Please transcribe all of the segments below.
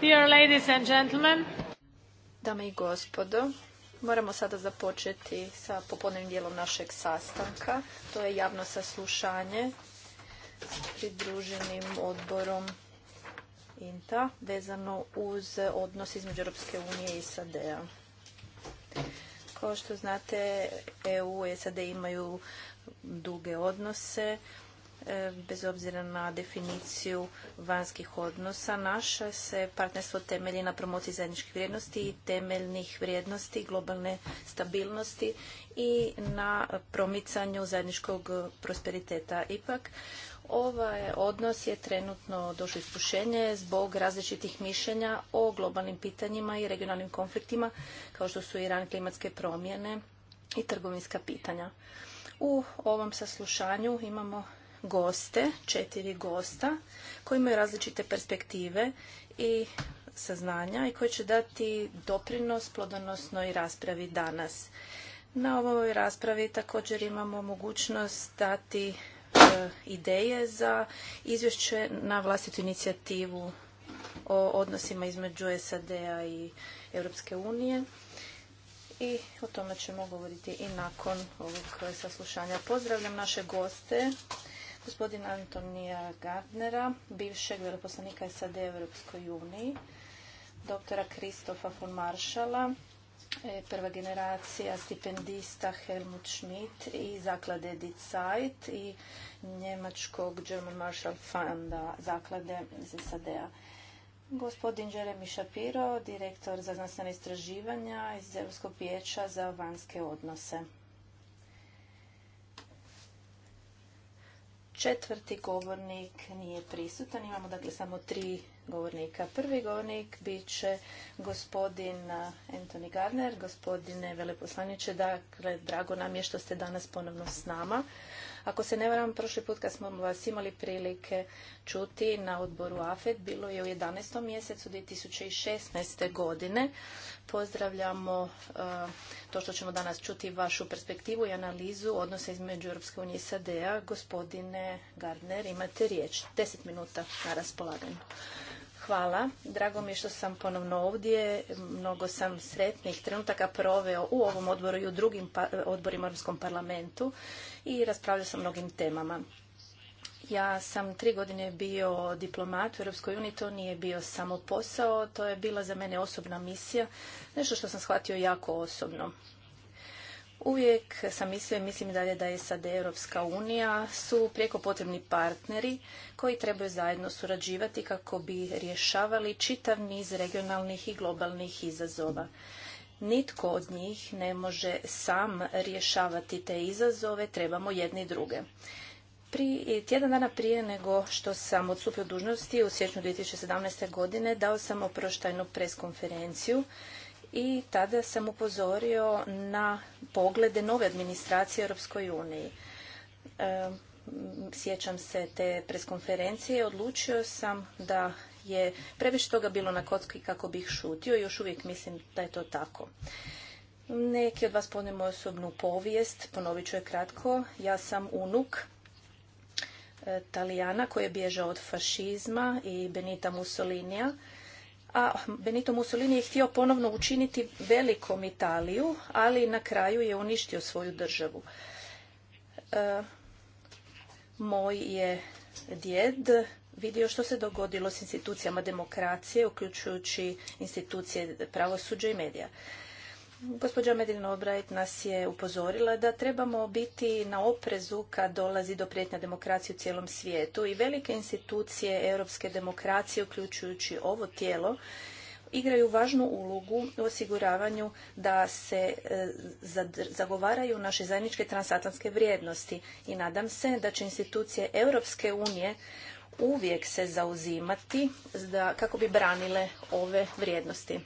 Dear ladies and gentlemen. Dame i gospodo, moramo sada započeti sa popodnevnim dijelom našeg sastanka. To je javno saslušanje s pridruženim odborom INTA vezano uz odnos između Europske unije i SAD-a. Kao što znate, EU i SAD imaju duge odnose. E, bez obzira na definiciju vanjskih odnosa. Naše se partnerstvo temelji na promociji zajedničkih vrijednosti i temeljnih vrijednosti, globalne stabilnosti i na promicanju zajedničkog prosperiteta. Ipak, Ovaj odnos je trenutno došlo iskušenje zbog različitih mišljenja o globalnim pitanjima i regionalnim konfliktima, kao što su Iran, klimatske promjene i trgovinska pitanja. U ovom saslušanju imamo goste, četiri gosta koji imaju različite perspektive i saznanja i koji će dati doprinos plodonosnoj raspravi danas. Na ovoj raspravi također imamo mogućnost dati e, ideje za izvješće na vlastitu inicijativu o odnosima između SAD-a i Europske unije i o tome ćemo govoriti i nakon ovog saslušanja. Pozdravljam naše goste Gospodin Antonija Gardnera, bivšeg veloposlanika SAD u Europskoj uniji, doktora Kristofa von Maršala, e, prva generacija stipendista Helmut Schmidt i zaklade Die Zeit i njemačkog German Marshall Funda zaklade iz SAD-a. Gospodin Jeremy Shapiro, direktor za znanstvene istraživanja iz Europskog vijeća za vanjske odnose. Četvrti govornik nije prisutan. Imamo dakle samo tri govornika. Prvi govornik bit će gospodin Anthony Gardner. Gospodine veleposlaniče, dakle, drago nam je što ste danas ponovno s nama. Ako se ne varam, prošli put kad smo vas imali prilike čuti na odboru AFED, bilo je u 11. mjesecu 2016. godine. Pozdravljamo e, to što ćemo danas čuti vašu perspektivu i analizu odnosa između Europske unije i SAD-a. Gospodine Gardner, imate riječ. Deset minuta na raspolaganju. Hvala. Drago mi je što sam ponovno ovdje. Mnogo sam sretnih trenutaka proveo u ovom odboru i u drugim pa, odborima u Europskom parlamentu i raspravljao sam mnogim temama. Ja sam tri godine bio diplomat u Europskoj uniji, to nije bio samo posao, to je bila za mene osobna misija, nešto što sam shvatio jako osobno. Uvijek sam mislio i mislim dalje da je SAD Europska unija su prijeko potrebni partneri koji trebaju zajedno surađivati kako bi rješavali čitav niz regionalnih i globalnih izazova. Nitko od njih ne može sam rješavati te izazove, trebamo jedni druge. Pri, tjedan dana prije nego što sam odstupio dužnosti u siječnju 2017. godine dao sam oproštajnu preskonferenciju i tada sam upozorio na poglede nove administracije Europskoj uniji. E, sjećam se te preskonferencije, odlučio sam da je previše toga bilo na kocki kako bih šutio i još uvijek mislim da je to tako. Neki od vas ponemo moju osobnu povijest, ponovit ću je kratko. Ja sam unuk e, Talijana koji je bježao od fašizma i Benita Mussolinija a Benito Mussolini je htio ponovno učiniti velikom Italiju, ali na kraju je uništio svoju državu. E, moj je djed vidio što se dogodilo s institucijama demokracije, uključujući institucije pravosuđa i medija. Gospođa Medina Obrajt nas je upozorila da trebamo biti na oprezu kad dolazi do prijetnja demokracije u cijelom svijetu i velike institucije europske demokracije, uključujući ovo tijelo, igraju važnu ulogu u osiguravanju da se e, zagovaraju naše zajedničke transatlantske vrijednosti i nadam se da će institucije Europske unije uvijek se zauzimati kako bi branile ove vrijednosti.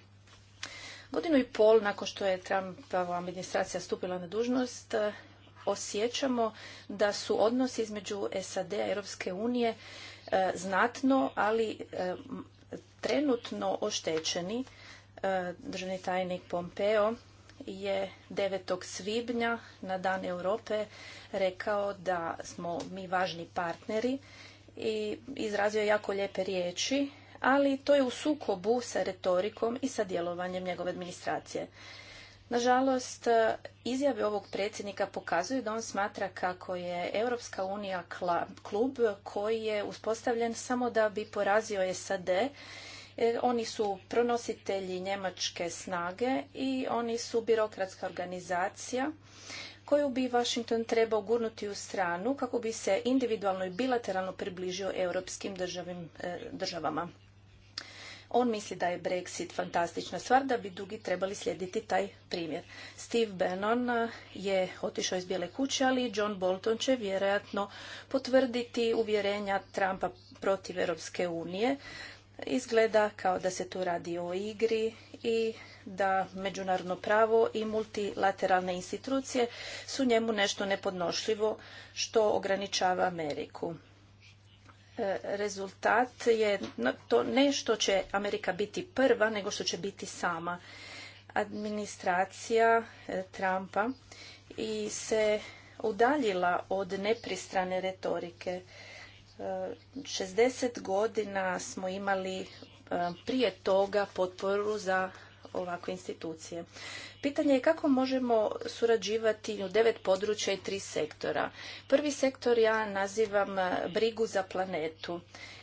Godinu i pol nakon što je Trumpova administracija stupila na dužnost, e, osjećamo da su odnosi između SAD-a i Europske unije e, znatno, ali e, trenutno oštećeni. Državni tajnik Pompeo je 9. svibnja na Dan Europe rekao da smo mi važni partneri i izrazio jako lijepe riječi ali to je u sukobu sa retorikom i sa djelovanjem njegove administracije. Nažalost, izjave ovog predsjednika pokazuju da on smatra kako je Europska unija klub koji je uspostavljen samo da bi porazio SAD. E, oni su pronositelji njemačke snage i oni su birokratska organizacija koju bi Washington trebao gurnuti u stranu kako bi se individualno i bilateralno približio europskim e, državama. On misli da je Brexit fantastična stvar, da bi drugi trebali slijediti taj primjer. Steve Bannon eh, je otišao iz Bijele kuće, ali John Bolton će vjerojatno potvrditi uvjerenja Trumpa protiv Europske unije. Izgleda kao da se tu radi o igri i da međunarodno pravo i multilateralne institucije su njemu nešto nepodnošljivo što ograničava Ameriku. E, rezultat je to ne što će Amerika biti prva, nego što će biti sama. Administracija e, Trumpa i se udaljila od nepristrane retorike. 60 e, godina smo imali prije toga potporu za ovakve institucije. Pitanje je kako možemo surađivati u devet područja i tri sektora. Prvi sektor ja nazivam eh, brigu za planetu,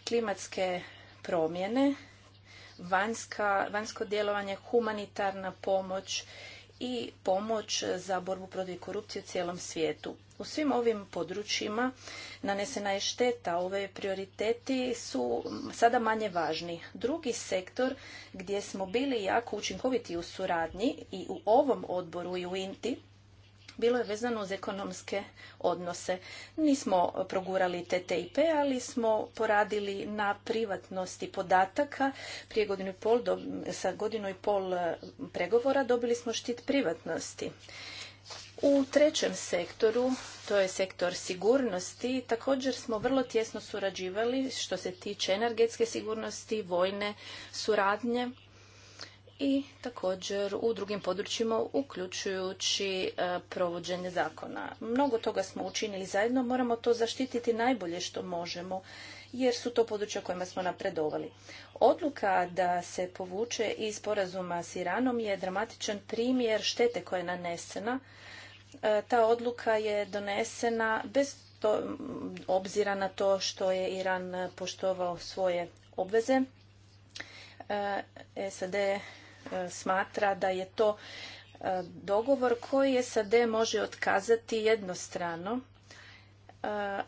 klimatske promjene, vanjska, vanjsko djelovanje, humanitarna pomoć i pomoć za borbu protiv korupcije u cijelom svijetu. U svim ovim područjima nanesena je šteta, ove prioriteti su sada manje važni. Drugi sektor gdje smo bili jako učinkoviti u suradnji i u ovom odboru i u INTI, bilo je vezano uz ekonomske odnose. Nismo progurali TTIP, ali smo poradili na privatnosti podataka. Prije godinu i pol, sa godinu i pol eh, pregovora dobili smo štit privatnosti. U trećem sektoru, to je sektor sigurnosti, također smo vrlo tjesno surađivali što se tiče energetske sigurnosti, vojne suradnje i također u drugim područjima uključujući e, provođenje zakona. Mnogo toga smo učinili zajedno, moramo to zaštititi najbolje što možemo jer su to područja kojima smo napredovali. Odluka da se povuče iz sporazuma s Iranom je dramatičan primjer štete koja je nanesena E, ta odluka je donesena bez obzira na to što je Iran poštovao svoje obveze. E, SAD e, smatra da je to dogovor koji SAD može otkazati jednostrano,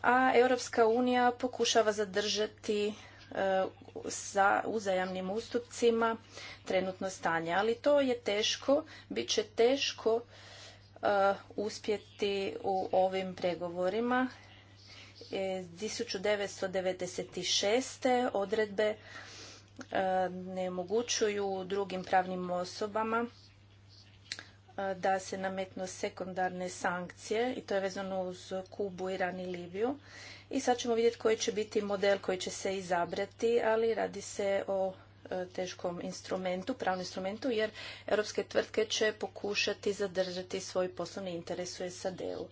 a Europska unija pokušava zadržati sa uzajamnim ustupcima trenutno stanje. Ali to je teško, bit će teško Uh, uspjeti u ovim pregovorima. 1996. E, odredbe uh, ne drugim pravnim osobama uh, da se nametnu sekundarne sankcije i to je vezano uz Kubu, Iran i Libiju. I sad ćemo vidjeti koji će biti model koji će se izabrati, ali radi se o E, teškom instrumentu, pravnom instrumentu, jer europske tvrtke će pokušati zadržati svoj poslovni interes u SAD-u.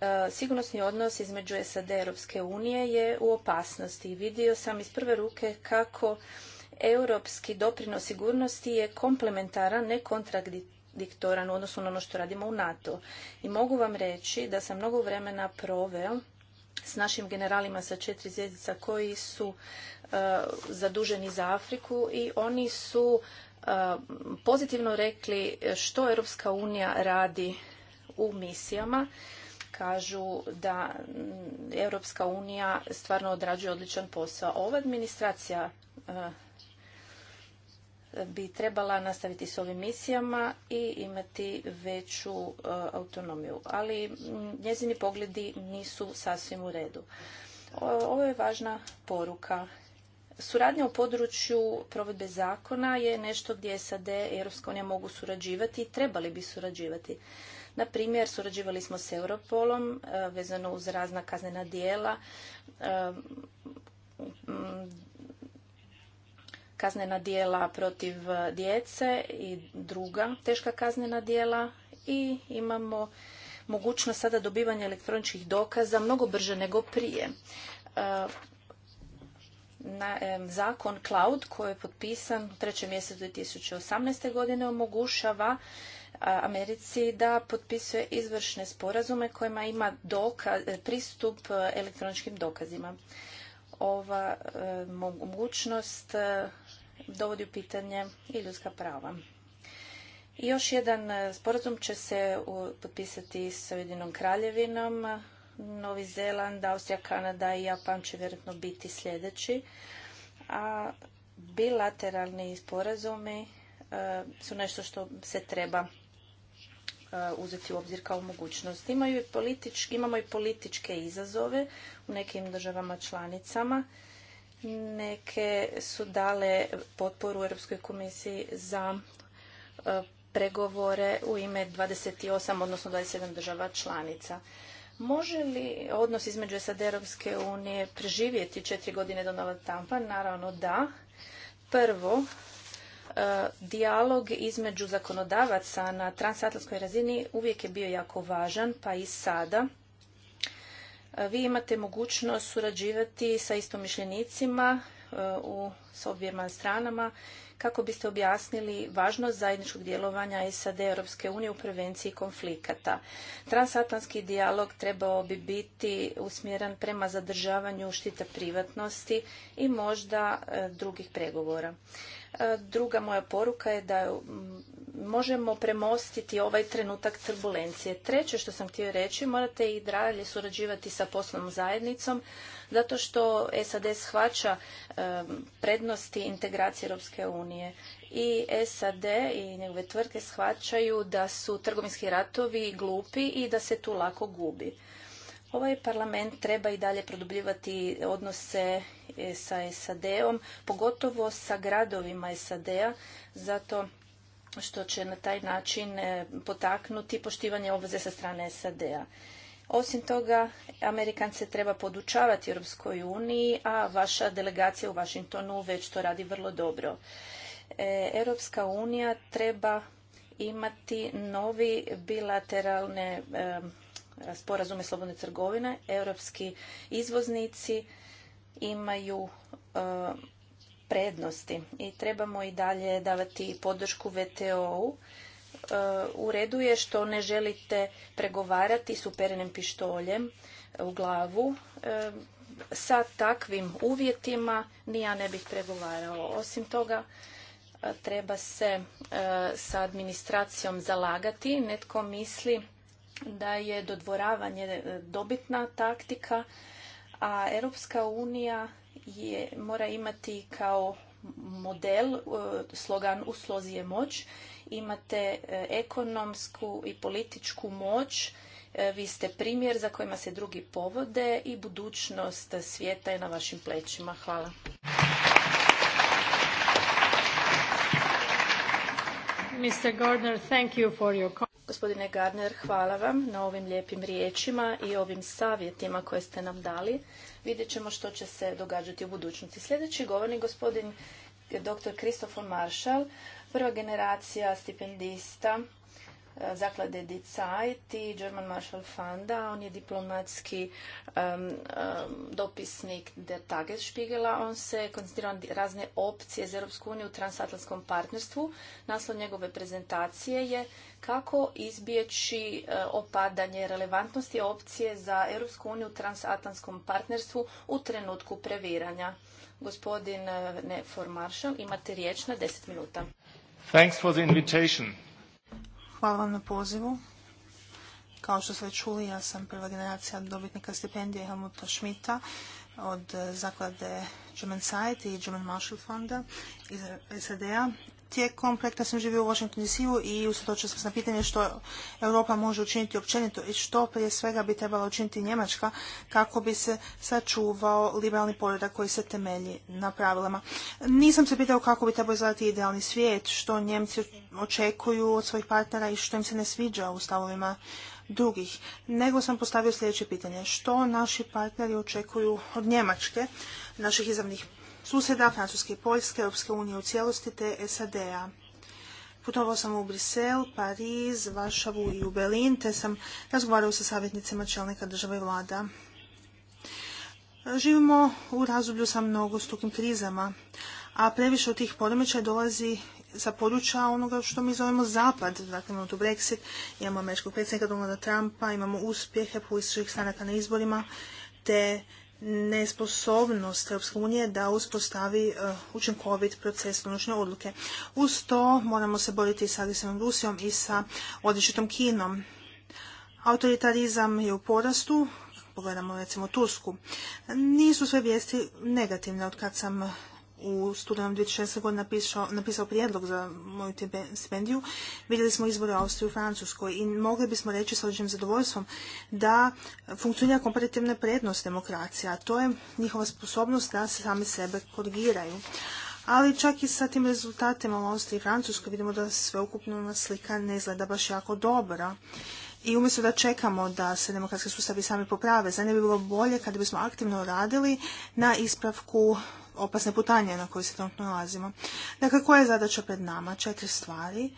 E, sigurnosni odnos između SAD i Europske unije je u opasnosti. Vidio sam iz prve ruke kako europski doprinos sigurnosti je komplementaran, ne kontradiktoran u odnosu na ono što radimo u NATO. I mogu vam reći da sam mnogo vremena proveo s našim generalima sa četiri zvijezdica koji su E, zaduženi za Afriku i oni su e, pozitivno rekli što Europska unija radi u misijama. Kažu da Europska unija stvarno odrađuje odličan posao. Ova administracija e, bi trebala nastaviti s ovim misijama i imati veću autonomiju. Ali njezini pogledi nisu sasvim u redu. Ovo je važna poruka Suradnja u području provedbe zakona je nešto gdje SAD i Europska unija mogu surađivati i trebali bi surađivati. Na primjer, surađivali smo s Europolom e, vezano uz razna kaznena dijela, e, mm, kaznena dijela protiv djece i druga teška kaznena dijela i imamo mogućnost sada dobivanja elektroničkih dokaza mnogo brže nego prije e, zakon Cloud koji je potpisan u trećem mjesecu 2018. godine omogućava Americi da potpisuje izvršne sporazume kojima ima e, pristup e, elektroničkim dokazima. Ova e, mogućnost dovodi u pitanje i ljudska prava. I još jedan sporazum će se potpisati sa Ujedinom kraljevinom Novi Zeland, Austrija, Kanada i Japan će vjerojatno biti sljedeći. A bilateralni sporazumi e, su nešto što se treba e, uzeti u obzir kao mogućnost. Imaju i imamo i političke izazove u nekim državama članicama. Neke su dale potporu Europskoj komisiji za e, pregovore u ime 28, odnosno 27 država članica. Može li odnos između SAD EU unije preživjeti četiri godine Donalda Tampa? Naravno da. Prvo, e, dijalog između zakonodavaca na transatlantskoj razini uvijek je bio jako važan, pa i sada. E, vi imate mogućnost surađivati sa istomišljenicima Eh, u, s objema stranama kako biste objasnili važnost zajedničkog djelovanja SAD Europske unije u prevenciji konflikata. Transatlantski dijalog trebao bi biti usmjeren prema zadržavanju štita privatnosti i možda eh, drugih pregovora. Eh, druga moja poruka je da mm, možemo premostiti ovaj trenutak turbulencije. Treće što sam htio reći, morate i dalje surađivati sa poslovnom zajednicom, zato što SAD shvaća prednosti integracije Europske unije i SAD i njegove tvrtke shvaćaju da su trgovinski ratovi glupi i da se tu lako gubi. Ovaj parlament treba i dalje produbljivati odnose e, sa SAD-om, pogotovo sa gradovima SAD-a, zato što će na taj način e, potaknuti poštivanje obveze sa strane SAD-a. Osim toga, Amerikance treba podučavati Europskoj uniji, a vaša delegacija u Washingtonu već to radi vrlo dobro. E, Europska unija treba imati novi bilateralne e, sporazume slobodne trgovine. Europski izvoznici imaju e, prednosti i trebamo i dalje davati podršku VTO-u E, u redu je što ne želite pregovarati s uperenim pištoljem e, u glavu. E, sa takvim uvjetima ni ja ne bih pregovarao. Osim toga, treba se sa administracijom zalagati. Netko misli da je dodvoravanje dobitna taktika, a Europska unija je, mora imati kao model slogan u slozi je moć imate e, ekonomsku i političku moć, e, vi ste primjer za kojima se drugi povode i budućnost svijeta je na vašim plećima. Hvala. Gospodine Gardner, hvala vam na ovim lijepim riječima i ovim savjetima koje ste nam dali. Vidjet ćemo što će se događati u budućnosti. Sljedeći govornik, gospodin dr. Christopher Marshall, Prva generacija stipendista e, zaklade DICAIT i German Marshall Funda. On je diplomatski dopisnik Der Tagesspiegela. On se koncentrira na razne opcije za Europsku uniju u transatlantskom partnerstvu. Naslov njegove prezentacije je kako izbjeći e, opadanje relevantnosti opcije za Europsku uniju u transatlantskom partnerstvu u trenutku previranja. Gospodin e, Nefor Marshall, imate riječ na 10 minuta. Thanks for the Hvala vam na pozivu. Kao što ste čuli, ja sam prva generacija dobitnika stipendije Helmuta Schmidta od zaklade German Society i German Marshall Fonda iz sad tijekom projekta sam živio u Washington DC-u i usredočio sam se na pitanje što Europa može učiniti općenito i što prije svega bi trebala učiniti Njemačka kako bi se sačuvao liberalni poredak koji se temelji na pravilama. Nisam se pitao kako bi trebao izgledati idealni svijet, što Njemci očekuju od svojih partnera i što im se ne sviđa u stavovima drugih, nego sam postavio sljedeće pitanje. Što naši partneri očekuju od Njemačke, naših izravnih susjeda, Francuske i Poljske, Europske unije u cijelosti te SAD-a. Putovao sam u Brisel, Pariz, Varšavu i u Berlin, te sam razgovarao sa savjetnicima čelnika država i vlada. Živimo u razdoblju sa mnogostukim krizama, a previše od tih poremećaja dolazi sa područja onoga što mi zovemo zapad. Dakle, imamo tu Brexit, imamo američkog predsjednika Donalda Trumpa, imamo uspjehe političkih stranaka na izborima, te nesposobnost Europske unije da uspostavi e, učinkovit proces donošenja odluke. Uz to moramo se boriti sa agresivnom Rusijom i sa odličitom Kinom. Autoritarizam je u porastu, pogledamo recimo Tursku. Nisu sve vijesti negativne od kad sam u studenom 2006. godine napisao, napisao prijedlog za moju stipendiju, vidjeli smo izbore u Austriju i Francuskoj i mogli bismo reći s određenim zadovoljstvom da funkcionira komparativna prednost demokracija, a to je njihova sposobnost da se sami sebe korigiraju. Ali čak i sa tim rezultatima u Austriji i Francuskoj vidimo da sveukupno slika ne izgleda baš jako dobra. I umjesto da čekamo da se demokratski sustavi sami poprave, za ne bi bilo bolje kada bismo aktivno radili na ispravku opasne putanje na kojoj se trenutno nalazimo. Dakle, koja je zadaća pred nama? Četiri stvari.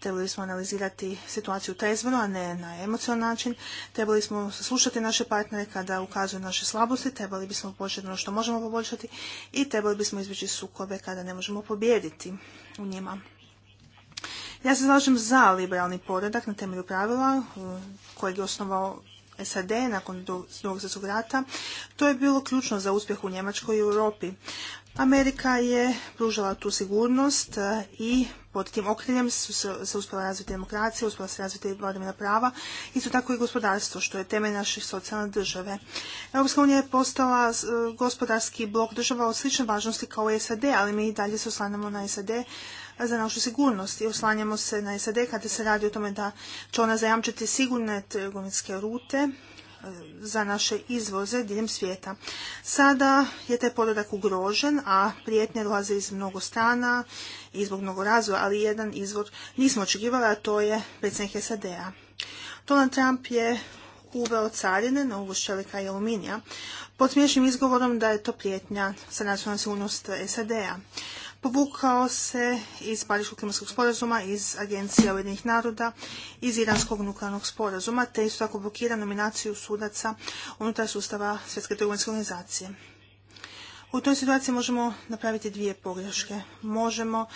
Trebali smo analizirati situaciju trezveno, a ne na emocionalan način. Trebali smo slušati naše partnere kada ukazuju naše slabosti. Trebali bismo početi ono što možemo poboljšati i trebali bismo izbjeći sukobe kada ne možemo pobijediti u njima. Ja se zalažem za liberalni poredak na temelju pravila kojeg je osnovao SAD nakon drugog svjetskog rata, to je bilo ključno za uspjeh u Njemačkoj i Europi. Amerika je pružala tu sigurnost e, i pod tim okriljem su se, se uspjela razviti demokracija, uspjela se razviti vladavina prava, isto tako i gospodarstvo, što je temelj naših socijalne države. Europska unija je postala e, gospodarski blok država od slične važnosti kao SAD, ali mi i dalje se oslanjamo na SAD za našu sigurnost i oslanjamo se na SAD kada se radi o tome da će ona zajamčiti sigurne trgovinske rute e, za naše izvoze diljem svijeta. Sada je taj podatak ugrožen, a prijetnje dolaze iz mnogo strana i zbog mnogo razvoja, ali jedan izvor nismo očekivali, a to je predsjednik SAD-a. Donald Trump je uveo carine na uvoz čelika i aluminija pod smiješnim izgovorom da je to prijetnja sa nacionalnom sigurnost SAD-a povukao se iz Pariškog klimatskog sporazuma, iz Agencije Ujedinih naroda, iz Iranskog nuklearnog sporazuma, te isto tako blokira nominaciju sudaca unutar sustava Svjetske trgovinske organizacije. U toj situaciji možemo napraviti dvije pogreške. Možemo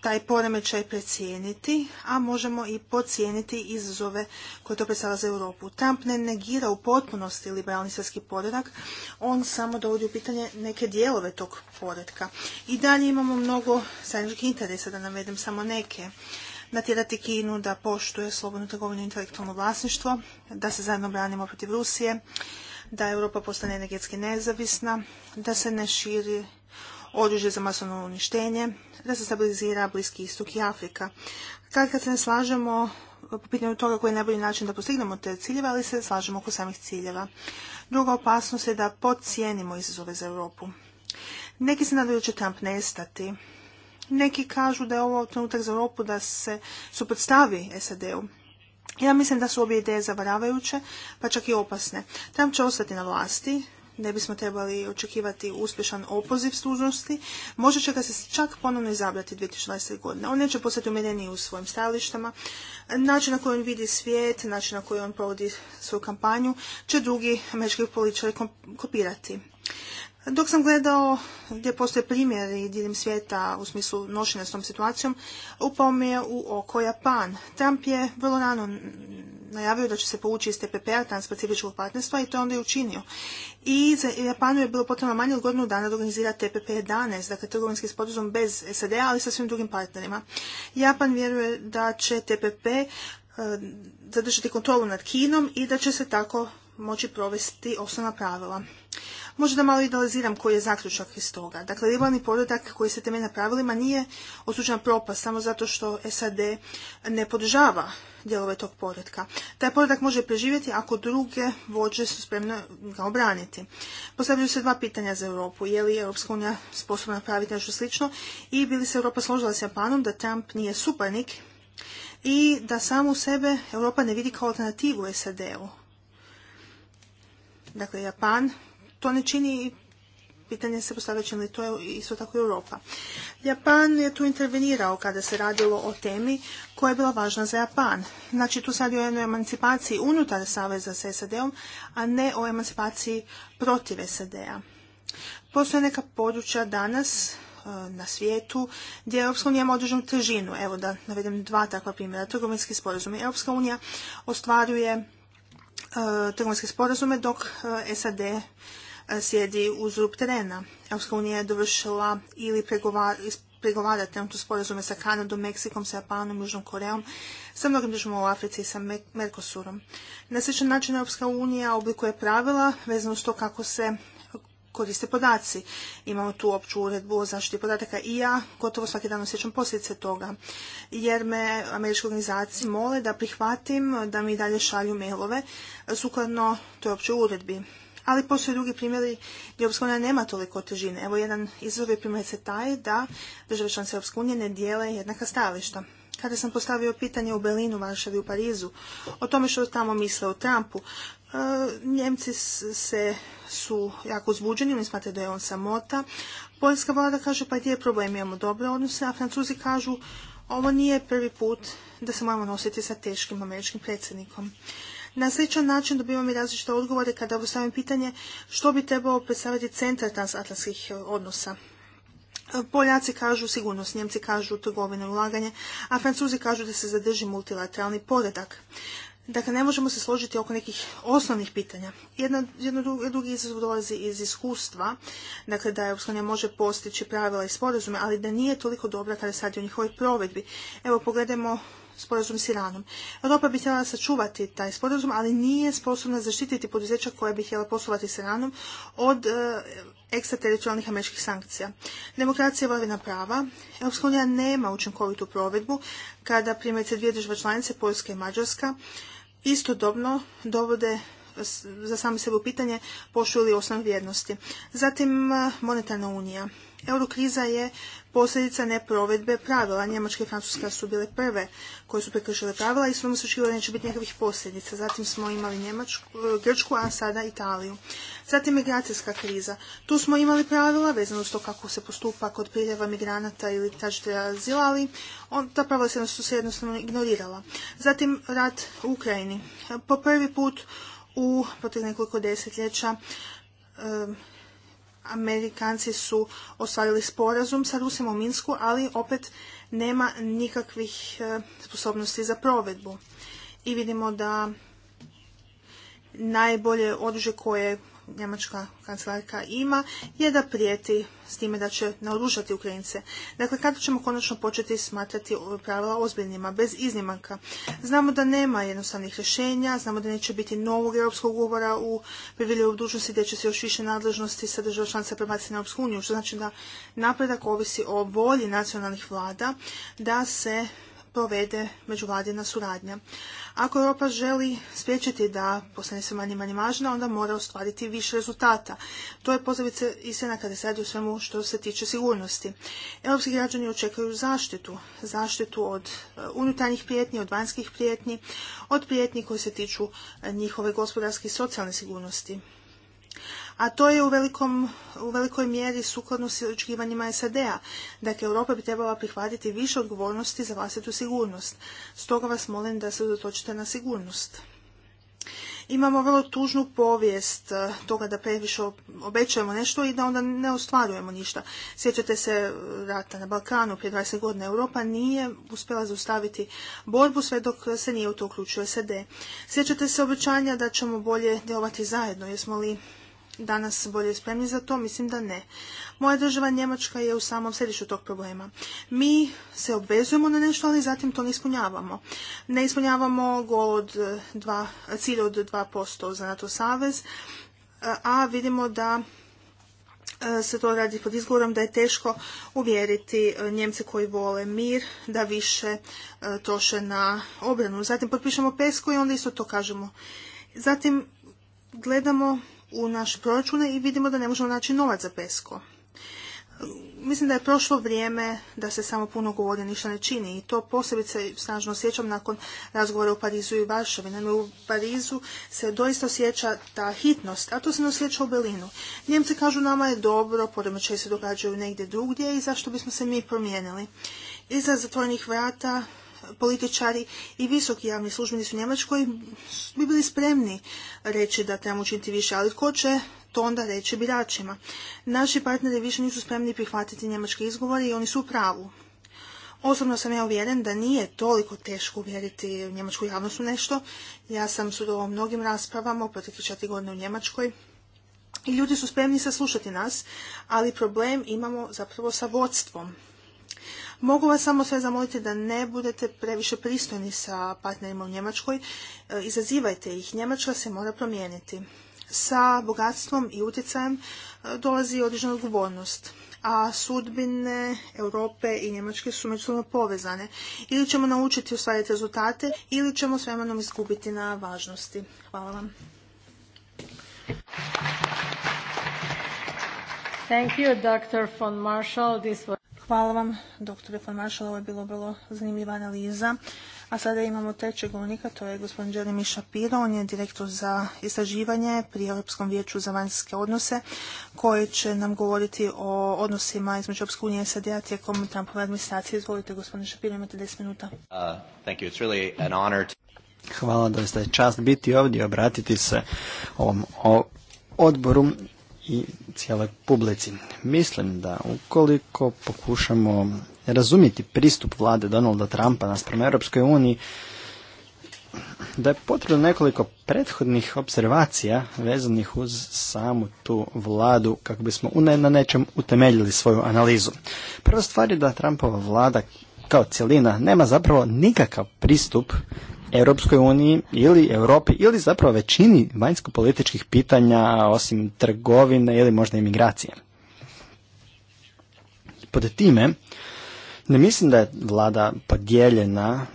taj poremećaj precijeniti, a možemo i pocijeniti izazove koje to predstavlja za Europu. Trump ne negira u potpunosti liberalni svjetski poredak, on samo dovodi u pitanje neke dijelove tog poredka. I dalje imamo mnogo zajedničkih interesa, da navedem samo neke. Natjerati Kinu da poštuje slobodnu trgovinu i intelektualno vlasništvo, da se zajedno branimo protiv Rusije, da Europa postane energetski nezavisna, da se ne širi oružje za masovno uništenje, da se stabilizira Bliski istok i Afrika. Kad, kad se ne slažemo po pitanju toga koji je najbolji način da postignemo te ciljeve, ali se slažemo oko samih ciljeva. Druga opasnost je da podcijenimo izazove za Europu. Neki se nadaju da će Trump nestati. Neki kažu da je ovo trenutak za Europu da se suprotstavi SAD-u. Ja mislim da su obje ideje zavaravajuće, pa čak i opasne. Trump će ostati na vlasti, ne bismo trebali očekivati uspješan opoziv služnosti. Može možda će ga se čak ponovno izabrati 2020. godine. On neće postati umjereniji u svojim stajalištama. Način na koji on vidi svijet, način na koji on provodi svoju kampanju, će drugi američki političari kopirati. Dok sam gledao gdje postoje primjeri diljem svijeta u smislu nošenja s tom situacijom, upao mi je u oko Japan. Trump je vrlo rano najavio da će se povući iz TPP-a, transpacifičkog partnerstva, i to je onda i učinio. I za Japanu je bilo potrebno manje od godinu dana da organizira TPP-11, dakle trgovinski sporazum bez SAD-a, ali sa svim drugim partnerima. Japan vjeruje da će TPP eh, zadržati kontrolu nad Kinom i da će se tako moći provesti osnovna pravila. Možda malo idealiziram koji je zaključak iz toga. Dakle, liberalni poredak koji se temelji na pravilima nije osuđena propast samo zato što SAD ne podržava dijelove tog poretka. Taj poredak može preživjeti ako druge vođe su spremne ga obraniti. Postavljaju se dva pitanja za Europu. Je li Europska unija sposobna napraviti nešto slično i bi li se Europa složila s Japanom da Trump nije suparnik i da u sebe Europa ne vidi kao alternativu SAD-u dakle Japan, to ne čini i pitanje se postavlja čini li to isto tako i Europa. Japan je tu intervenirao kada se radilo o temi koja je bila važna za Japan. Znači tu sad je o jednoj emancipaciji unutar Saveza s SAD-om, a ne o emancipaciji protiv SAD-a. Postoje neka područja danas e, na svijetu gdje Europska unija ima određenu težinu. Evo da navedem dva takva primjera. Trgovinski sporazum. Europska unija ostvaruje E, trgovinske sporazume dok e, SAD e, sjedi uz rup terena. Europska unija je dovršila ili pregovara trenutno sporazume sa Kanadom, Meksikom, sa Japanom, Južnom Koreom, sa mnogim državama u Africi i sa Mercosurom. Na sličan način Europska unija oblikuje pravila vezano s to kako se koriste podaci. Imamo tu opću uredbu o zaštiti podataka i ja gotovo svaki dan osjećam posljedice toga. Jer me američke organizacije mole da prihvatim da mi dalje šalju mailove sukladno toj općoj uredbi. Ali postoje drugi primjeri gdje Europska nema toliko težine. Evo jedan izazov je primjerice taj da države članice Europske ne dijele jednaka stajališta kada sam postavio pitanje u Berlinu, Varšavi, u Parizu, o tome što tamo misle o Trumpu, Njemci se su jako uzbuđeni, oni smatraju da je on samota. Poljska vlada kaže pa gdje je problem, imamo dobre odnose, a Francuzi kažu ovo nije prvi put da se moramo nositi sa teškim američkim predsjednikom. Na sličan način dobivamo i različite odgovore kada postavim pitanje što bi trebao predstaviti centar transatlantskih e, odnosa. E, Poljaci kažu sigurnost, Njemci kažu trgovine i ulaganje, a Francuzi kažu da se zadrži multilateralni poredak. Dakle, ne možemo se složiti oko nekih osnovnih pitanja. Jedan drugi, izazov dolazi iz iskustva, dakle da Europska unija može postići pravila i sporazume, ali da nije toliko dobra kada se radi o njihovoj provedbi. Evo, pogledajmo sporazum s Iranom. Europa bi htjela sačuvati taj sporazum, ali nije sposobna zaštititi poduzeća koja bi htjela poslovati s Iranom od e, ekstrateritorijalnih američkih sankcija. Demokracija je vladina prava. Europska unija nema učinkovitu provedbu kada primjerice dvije države članice, Poljska i Mađarska, istodobno dovode za sami sebe u pitanje poštuju li osnovne vrijednosti. Zatim eh, monetarna unija. Eurokriza je posljedica neprovedbe pravila. Njemačka i Francuska su bile prve koje su prekršile pravila i smo očekivali da neće biti nekakvih posljedica. Zatim smo imali Njemačku, e, Grčku, a sada Italiju. Zatim migracijska kriza. Tu smo imali pravila vezano s to kako se postupa kod priljeva migranata ili tražitelja azila, ali on, ta pravila se su jednostavno ignorirala. Zatim rat u Ukrajini. E, po prvi put u protiv nekoliko desetljeća e, Amerikanci su ostvarili sporazum sa Rusima u Minsku, ali opet nema nikakvih e, sposobnosti za provedbu. I vidimo da najbolje oružje koje njemačka kancelarka ima je da prijeti s time da će naoružati Ukrajince. Dakle, kada ćemo konačno početi smatrati pravila ozbiljnima, bez iznimaka? Znamo da nema jednostavnih rješenja, znamo da neće biti novog europskog ugovora u u budućnosti gdje će se još više nadležnosti sa država članica prebaciti na Europsku uniju, što znači da napredak ovisi o volji nacionalnih vlada da se provede međuvladina suradnja. Ako Europa želi spriječiti da postane sve manje manje važna, onda mora ostvariti više rezultata. To je posebice istina kada se radi o svemu što se tiče sigurnosti. Europski građani očekuju zaštitu. Zaštitu od e, unutarnjih prijetnji, od vanjskih prijetnji, od prijetnji koji se tiču e, njihove gospodarske i socijalne sigurnosti a to je u, velikom, u velikoj mjeri sukladno s očekivanjima SAD-a. Dakle, Europa bi trebala prihvatiti više odgovornosti za vlastitu sigurnost. Stoga vas molim da se udotočite na sigurnost. Imamo vrlo tužnu povijest eh, toga da previše obećujemo nešto i da onda ne ostvarujemo ništa. Sjećate se eh, rata na Balkanu prije 20 godina. Europa nije uspjela zaustaviti borbu sve dok se nije u to uključio SAD. Sjećate se obećanja da ćemo bolje djelovati zajedno. Jesmo li danas bolje spremni za to? Mislim da ne. Moja država Njemačka je u samom središtu tog problema. Mi se obvezujemo na nešto, ali zatim to ne ispunjavamo. Ne ispunjavamo gol od e, dva, cilj od 2% za NATO savez, e, a vidimo da e, se to radi pod izgovorom da je teško uvjeriti Njemce koji vole mir da više troše na obranu. Zatim potpišemo pesku i onda isto to kažemo. Zatim gledamo u naše proračune i vidimo da ne možemo naći novac za pesko. Mislim da je prošlo vrijeme da se samo puno govori, ništa ne čini i to posebice snažno osjećam nakon razgovora u Parizu i Varšavi. u Parizu se doista osjeća ta hitnost, a to se ne osjeća u Belinu. Njemci kažu nama je dobro, poremećaj se događaju negdje drugdje i zašto bismo se mi promijenili. Iza zatvorenih vrata političari i visoki javni službenici u Njemačkoj bi bili spremni reći da trebamo učiniti više, ali tko će to onda reći biračima? Naši partneri više nisu spremni prihvatiti njemačke izgovore i oni su u pravu. Osobno sam ja uvjeren da nije toliko teško uvjeriti njemačku javnost u nešto. Ja sam sudjelovao u mnogim raspravama u proteklih četiri godine u Njemačkoj i ljudi su spremni saslušati nas, ali problem imamo zapravo sa vodstvom. Mogu vas samo sve zamoliti da ne budete previše pristojni sa partnerima u Njemačkoj. E, izazivajte ih. Njemačka se mora promijeniti. Sa bogatstvom i utjecajem e, dolazi određena odgovornost a sudbine Europe i Njemačke su međusobno povezane. Ili ćemo naučiti ostvariti rezultate, ili ćemo s vremenom izgubiti na važnosti. Hvala vam. Thank you, Dr. von Marshall. This Hvala vam, doktore von Maršal, ovo je bilo vrlo zanimljiva analiza. A sada imamo trećeg govornika, to je gospodin Jeremy Shapiro, on je direktor za istraživanje pri Europskom vijeću za vanjske odnose, koji će nam govoriti o odnosima između Europske unije i SAD-a tijekom Trumpove administracije. Izvolite, gospodine Shapiro, imate 10 minuta. Uh, Hvala, doista je čast biti ovdje i obratiti se ovom odboru i cijeloj publici. Mislim da ukoliko pokušamo razumjeti pristup vlade Donalda Trumpa naspram Europskoj uniji, da je potrebno nekoliko prethodnih observacija vezanih uz samu tu vladu kako bismo na nečem utemeljili svoju analizu. Prva stvar je da Trumpova vlada kao cijelina nema zapravo nikakav pristup Europskoj uniji ili Europi ili zapravo većini vanjskopolitičkih pitanja osim trgovine ili možda imigracije. Pod time, ne mislim da je vlada podijeljena,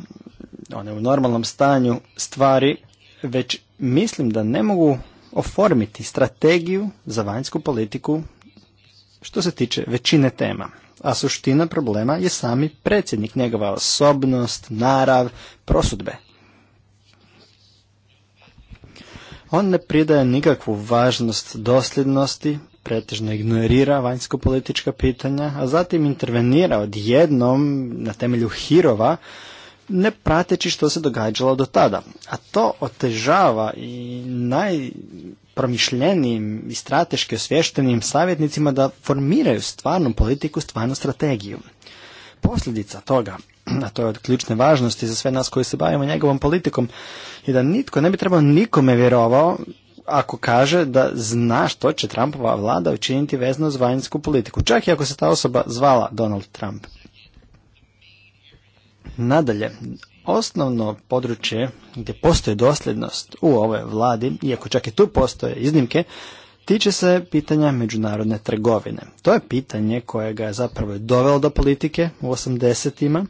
one u normalnom stanju stvari, već mislim da ne mogu oformiti strategiju za vanjsku politiku što se tiče većine tema. A suština problema je sami predsjednik, njegova osobnost, narav, prosudbe. On ne pridaje nikakvu važnost dosljednosti, pretežno ignorira vanjsko-politička pitanja, a zatim intervenira odjednom na temelju hirova, ne prateći što se događalo do tada. A to otežava i najpromišljenijim i strateški osvještenim savjetnicima da formiraju stvarnu politiku, stvarnu strategiju. Posljedica toga a to je od ključne važnosti za sve nas koji se bavimo njegovom politikom, i da nitko ne bi trebao nikome vjerovao ako kaže da zna što će Trumpova vlada učiniti vezano za vanjsku politiku, čak i ako se ta osoba zvala Donald Trump. Nadalje, osnovno područje gdje postoji dosljednost u ovoj vladi, iako čak i tu postoje iznimke, tiče se pitanja međunarodne trgovine. To je pitanje koje ga je zapravo dovelo do politike u 80-ima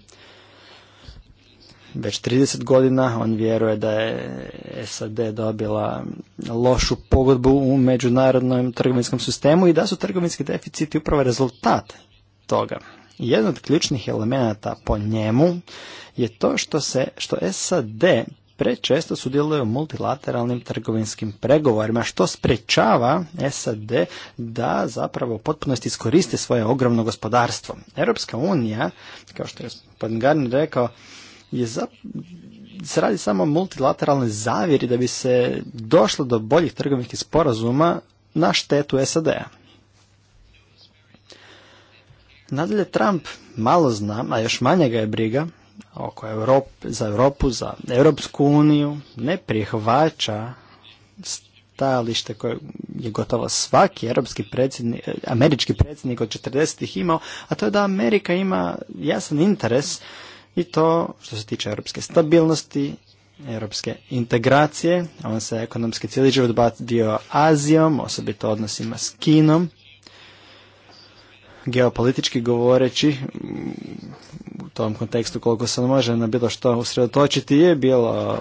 već 30 godina. On vjeruje da je SAD dobila lošu pogodbu u međunarodnom trgovinskom sistemu i da su trgovinski deficiti upravo rezultat toga. Jedan od ključnih elemenata po njemu je to što, se, što SAD prečesto sudjeluje u multilateralnim trgovinskim pregovorima, što sprečava SAD da zapravo u potpunosti iskoriste svoje ogromno gospodarstvo. Europska unija, kao što je gospodin Garner rekao, je za, se radi samo o multilateralnoj zavjeri da bi se došlo do boljih trgovinskih sporazuma na štetu SAD-a. Nadalje, Trump malo zna, a još manje ga je briga oko za Europu, za Europsku uniju, ne prihvaća stajalište koje je gotovo svaki europski predsjednik, američki predsjednik od 40 imao, a to je da Amerika ima jasan interes i to što se tiče europske stabilnosti, europske integracije, on se ekonomski cijeli život dio Azijom, osobito odnosima s Kinom, geopolitički govoreći u tom kontekstu koliko se može na bilo što usredotočiti je bilo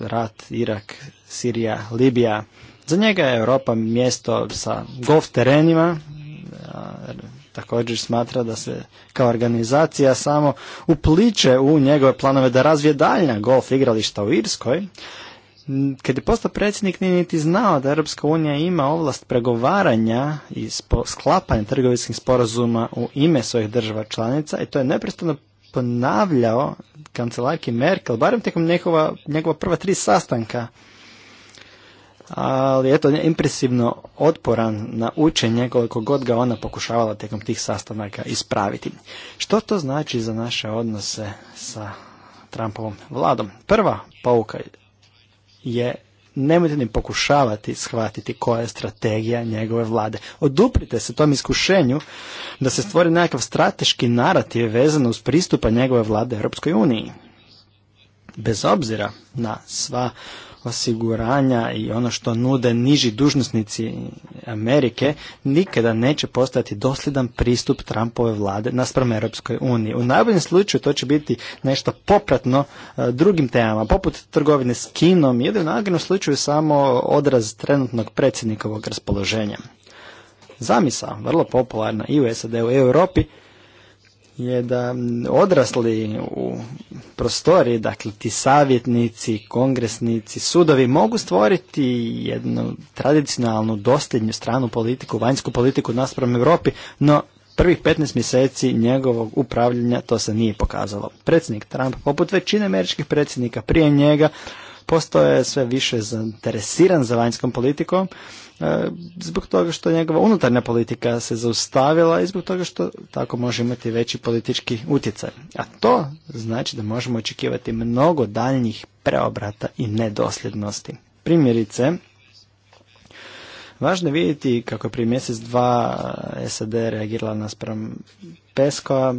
rat Irak, Sirija, Libija. Za njega je Europa mjesto sa golf terenima, također smatra da se kao organizacija samo upliče u njegove planove da razvije daljnja golf igrališta u Irskoj, kad je postao predsjednik nije niti znao da Europska unija ima ovlast pregovaranja i sklapanja trgovinskih sporazuma u ime svojih država članica i to je neprestano ponavljao kancelarki Merkel, barem tijekom njegova, njegova prva tri sastanka ali eto, impresivno otporan na učenje koliko god ga ona pokušavala tijekom tih sastanaka ispraviti. Što to znači za naše odnose sa Trumpovom vladom? Prva pouka je nemojte ni pokušavati shvatiti koja je strategija njegove vlade. Oduprite se tom iskušenju da se stvori nekakav strateški narativ vezan uz pristupa njegove vlade Europskoj uniji. Bez obzira na sva osiguranja i ono što nude niži dužnosnici Amerike nikada neće postati dosljedan pristup Trumpove vlade naspram Europskoj uniji. U najboljem slučaju to će biti nešto popratno e, drugim temama, poput trgovine s Kinom ili u najboljem slučaju samo odraz trenutnog predsjednikovog raspoloženja. Zamisa, vrlo popularna i u SAD u Europi, je da odrasli u prostoriji, dakle ti savjetnici, kongresnici, sudovi mogu stvoriti jednu tradicionalnu dosljednju stranu politiku, vanjsku politiku naspram Europi, no prvih 15 mjeseci njegovog upravljanja to se nije pokazalo. Predsjednik Trump, poput većine američkih predsjednika prije njega, je sve više zainteresiran za vanjskom politikom e, zbog toga što njegova unutarnja politika se zaustavila i zbog toga što tako može imati veći politički utjecaj. A to znači da možemo očekivati mnogo daljnjih preobrata i nedosljednosti. Primjerice, Važno je vidjeti kako je prije mjesec dva SAD reagirala naspram Peskova,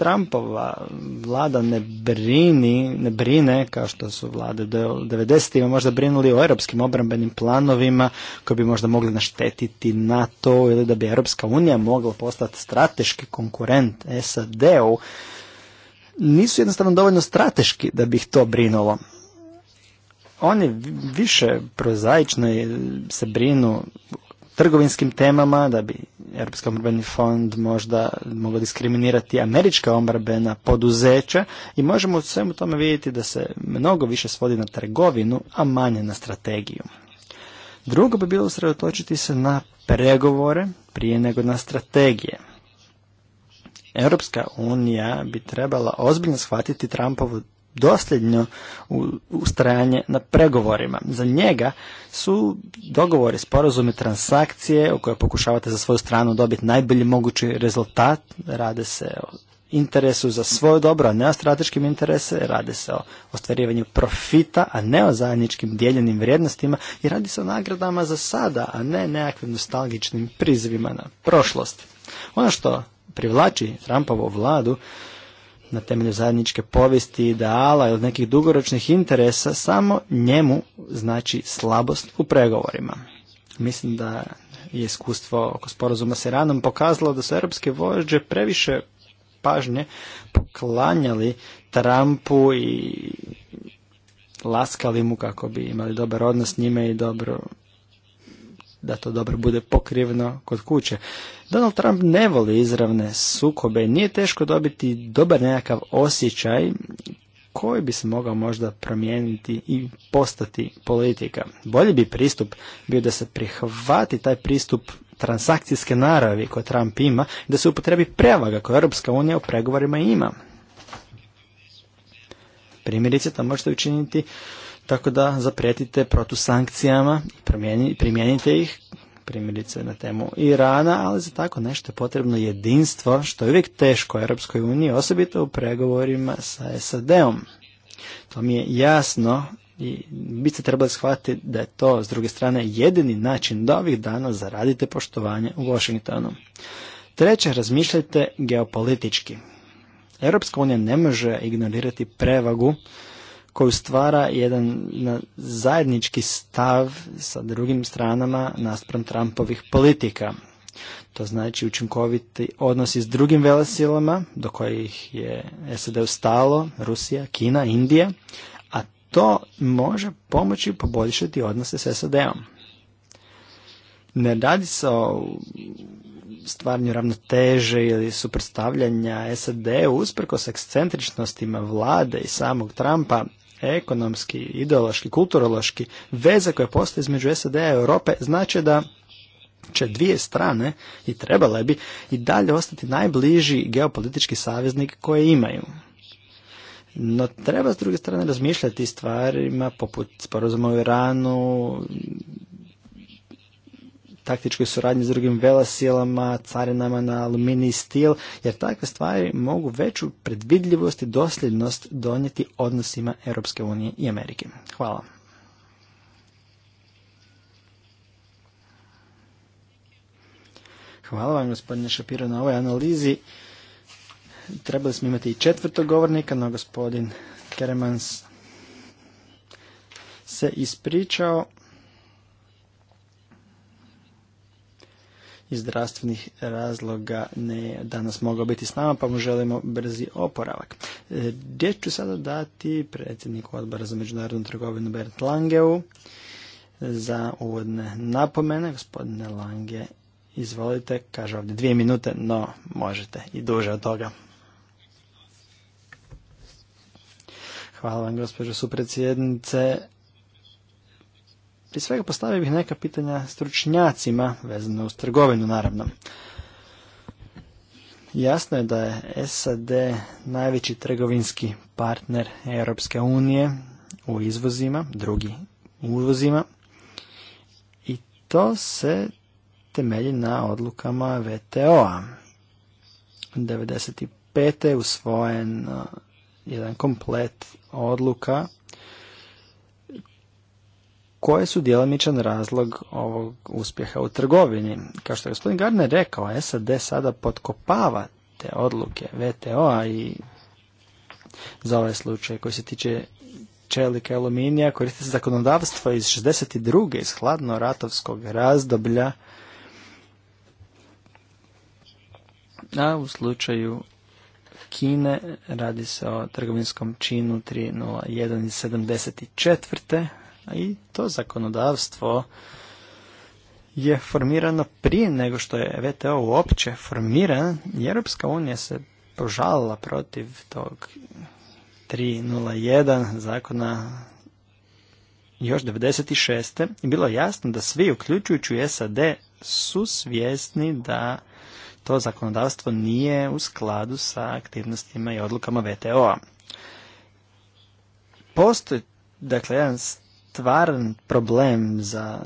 Trumpova vlada ne brini, ne brine, kao što su vlade do 90. možda brinuli o europskim obrambenim planovima koji bi možda mogli naštetiti NATO ili da bi Europska unija mogla postati strateški konkurent SAD-u, nisu jednostavno dovoljno strateški da bi ih to brinulo. Oni više prozaično se brinu trgovinskim temama, da bi Europski obrambeni fond možda mogao diskriminirati američka obrambena poduzeća i možemo u svemu tome vidjeti da se mnogo više svodi na trgovinu, a manje na strategiju. Drugo bi bilo sredotočiti se na pregovore prije nego na strategije. Europska unija bi trebala ozbiljno shvatiti Trumpovu dosljedno ustrajanje na pregovorima. Za njega su dogovori, sporazumi, transakcije u koje pokušavate za svoju stranu dobiti najbolji mogući rezultat. Rade se o interesu za svoje dobro, a ne o strateškim interese. Rade se o ostvarivanju profita, a ne o zajedničkim dijeljenim vrijednostima. I radi se o nagradama za sada, a ne nekakvim nostalgičnim prizivima na prošlost. Ono što privlači Trumpovu vladu na temelju zajedničke povijesti, ideala ili nekih dugoročnih interesa samo njemu znači slabost u pregovorima. Mislim da je iskustvo oko sporazuma s Iranom pokazalo da su europske vođe previše pažnje poklanjali Trumpu i laskali mu kako bi imali dobar odnos s njime i dobro da to dobro bude pokriveno kod kuće. Donald Trump ne voli izravne sukobe nije teško dobiti dobar nekakav osjećaj koji bi se mogao možda promijeniti i postati politika. Bolji bi pristup bio da se prihvati taj pristup transakcijske naravi koje Trump ima i da se upotrebi prevaga koje Europska unija u pregovorima ima. Primjerice to možete učiniti tako da zaprijetite protusankcijama i primijenite ih, primjerice na temu Irana, ali za tako nešto je potrebno jedinstvo, što je uvijek teško Europskoj uniji, osobito u pregovorima sa SAD-om. To mi je jasno i bi se trebali shvatiti da je to, s druge strane, jedini način da ovih dana zaradite poštovanje u Washingtonu. Treće, razmišljajte geopolitički. Europska unija ne može ignorirati prevagu koju stvara jedan zajednički stav sa drugim stranama naspram Trumpovih politika. To znači učinkoviti odnosi s drugim velesilama do kojih je SED stalo, Rusija, Kina, Indija, a to može pomoći poboljšati odnose s SAD-om. Ne radi se o stvaranju ravnoteže ili suprotstavljanja SAD-u usprkos ekscentričnostima vlade i samog Trumpa, ekonomski, ideološki, kulturološki veze koje postoje između SAD-a i Europe znači da će dvije strane i trebale bi i dalje ostati najbliži geopolitički saveznik koje imaju. No treba s druge strane razmišljati stvarima poput sporazuma u Iranu, taktičkoj suradnji s drugim velasilama, carinama na aluminij stil, jer takve stvari mogu veću predvidljivost i dosljednost donijeti odnosima Europske unije i Amerike. Hvala. Hvala vam gospodine Šapiro na ovoj analizi. Trebali smo imati i četvrtog govornika, no gospodin Keremans se ispričao. iz zdravstvenih razloga ne danas mogao biti s nama, pa mu želimo brzi oporavak. E, gdje ću sada dati predsjedniku odbora za međunarodnu trgovinu Bert Langeu za uvodne napomene. Gospodine Lange, izvolite, kaže ovdje dvije minute, no možete i duže od toga. Hvala vam, gospođo supredsjednice. Prije svega postavio bih neka pitanja stručnjacima, vezano uz trgovinu naravno. Jasno je da je SAD najveći trgovinski partner Europske unije u izvozima, drugi u uvozima. I to se temelji na odlukama VTO-a. 95. je usvojen uh, jedan komplet odluka koje su djelomičan razlog ovog uspjeha u trgovini. Kao što je gospodin Gardner rekao, SAD sada potkopava te odluke VTO-a i za ovaj slučaj koji se tiče čelika aluminija koriste se zakonodavstvo iz 62. iz hladno ratovskog razdoblja a u slučaju Kine radi se o trgovinskom činu 301 iz 74 i to zakonodavstvo je formirano prije nego što je VTO uopće formiran, Europska unija se požalila protiv tog 301 zakona još 96. i bilo jasno da svi, uključujući SAD, su svjesni da to zakonodavstvo nije u skladu sa aktivnostima i odlukama VTO-a. Postoji, dakle, jedan stvaran problem za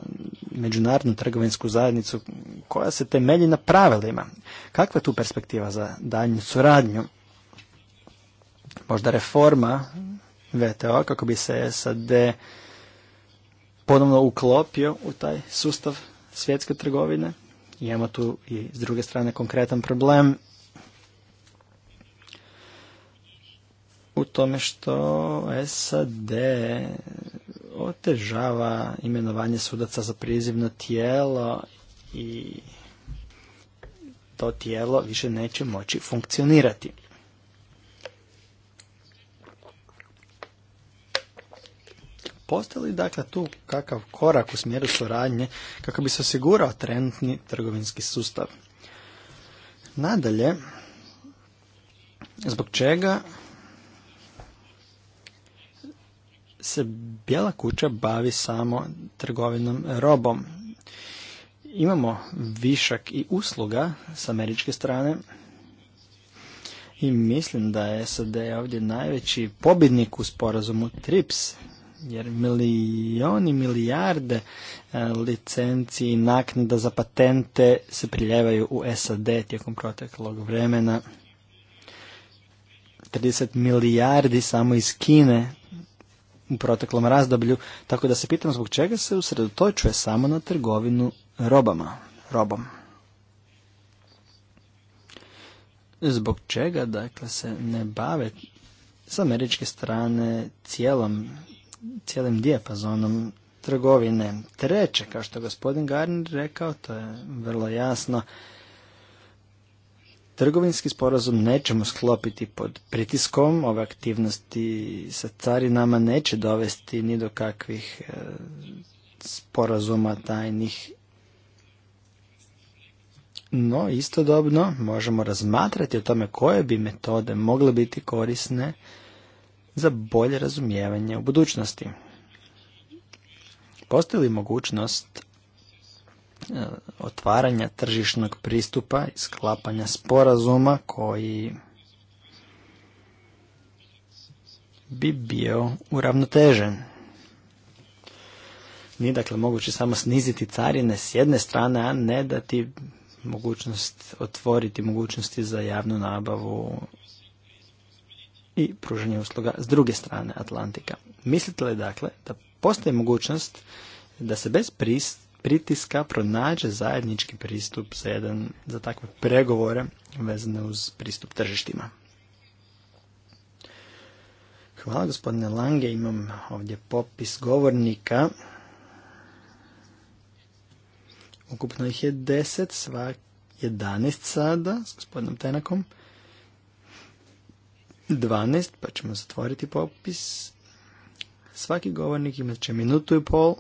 međunarodnu trgovinsku zajednicu koja se temelji na pravilima. Kakva je tu perspektiva za daljnju suradnju? Možda reforma VTO kako bi se SAD ponovno uklopio u taj sustav svjetske trgovine. Imamo tu i s druge strane konkretan problem u tome što SAD otežava imenovanje sudaca za prizivno tijelo i to tijelo više neće moći funkcionirati. Postoji li dakle tu kakav korak u smjeru suradnje kako bi se osigurao trenutni trgovinski sustav? Nadalje, zbog čega se Bijela kuća bavi samo trgovinom robom. Imamo višak i usluga s američke strane i mislim da je SAD ovdje najveći pobjednik u sporazumu TRIPS jer milijoni, milijarde e, licenci i naknada za patente se priljevaju u SAD tijekom proteklog vremena. 30 milijardi samo iz Kine u proteklom razdoblju, tako da se pitam zbog čega se usredotočuje samo na trgovinu robama, robom. Zbog čega, dakle, se ne bave s američke strane cijelim dijepazonom trgovine. Treće, kao što je gospodin Garner rekao, to je vrlo jasno, trgovinski sporazum nećemo sklopiti pod pritiskom, ove aktivnosti sa carinama neće dovesti ni do kakvih e, sporazuma tajnih. No, istodobno možemo razmatrati o tome koje bi metode mogle biti korisne za bolje razumijevanje u budućnosti. Postoji li mogućnost E, otvaranja tržišnog pristupa i sklapanja sporazuma koji bi bio uravnotežen. Nije dakle moguće samo sniziti carine s jedne strane, a ne dati mogućnost, otvoriti mogućnosti za javnu nabavu i pružanje usluga s druge strane Atlantika. Mislite li dakle da postoji mogućnost da se bez prist pritiska pronađe zajednički pristup za, jedan, za takve pregovore vezane uz pristup tržištima. Hvala gospodine Lange, imam ovdje popis govornika. Ukupno ih je 10, sva 11 sada s gospodinom Tenakom. 12, pa ćemo zatvoriti popis. Svaki govornik imat će minutu i pol.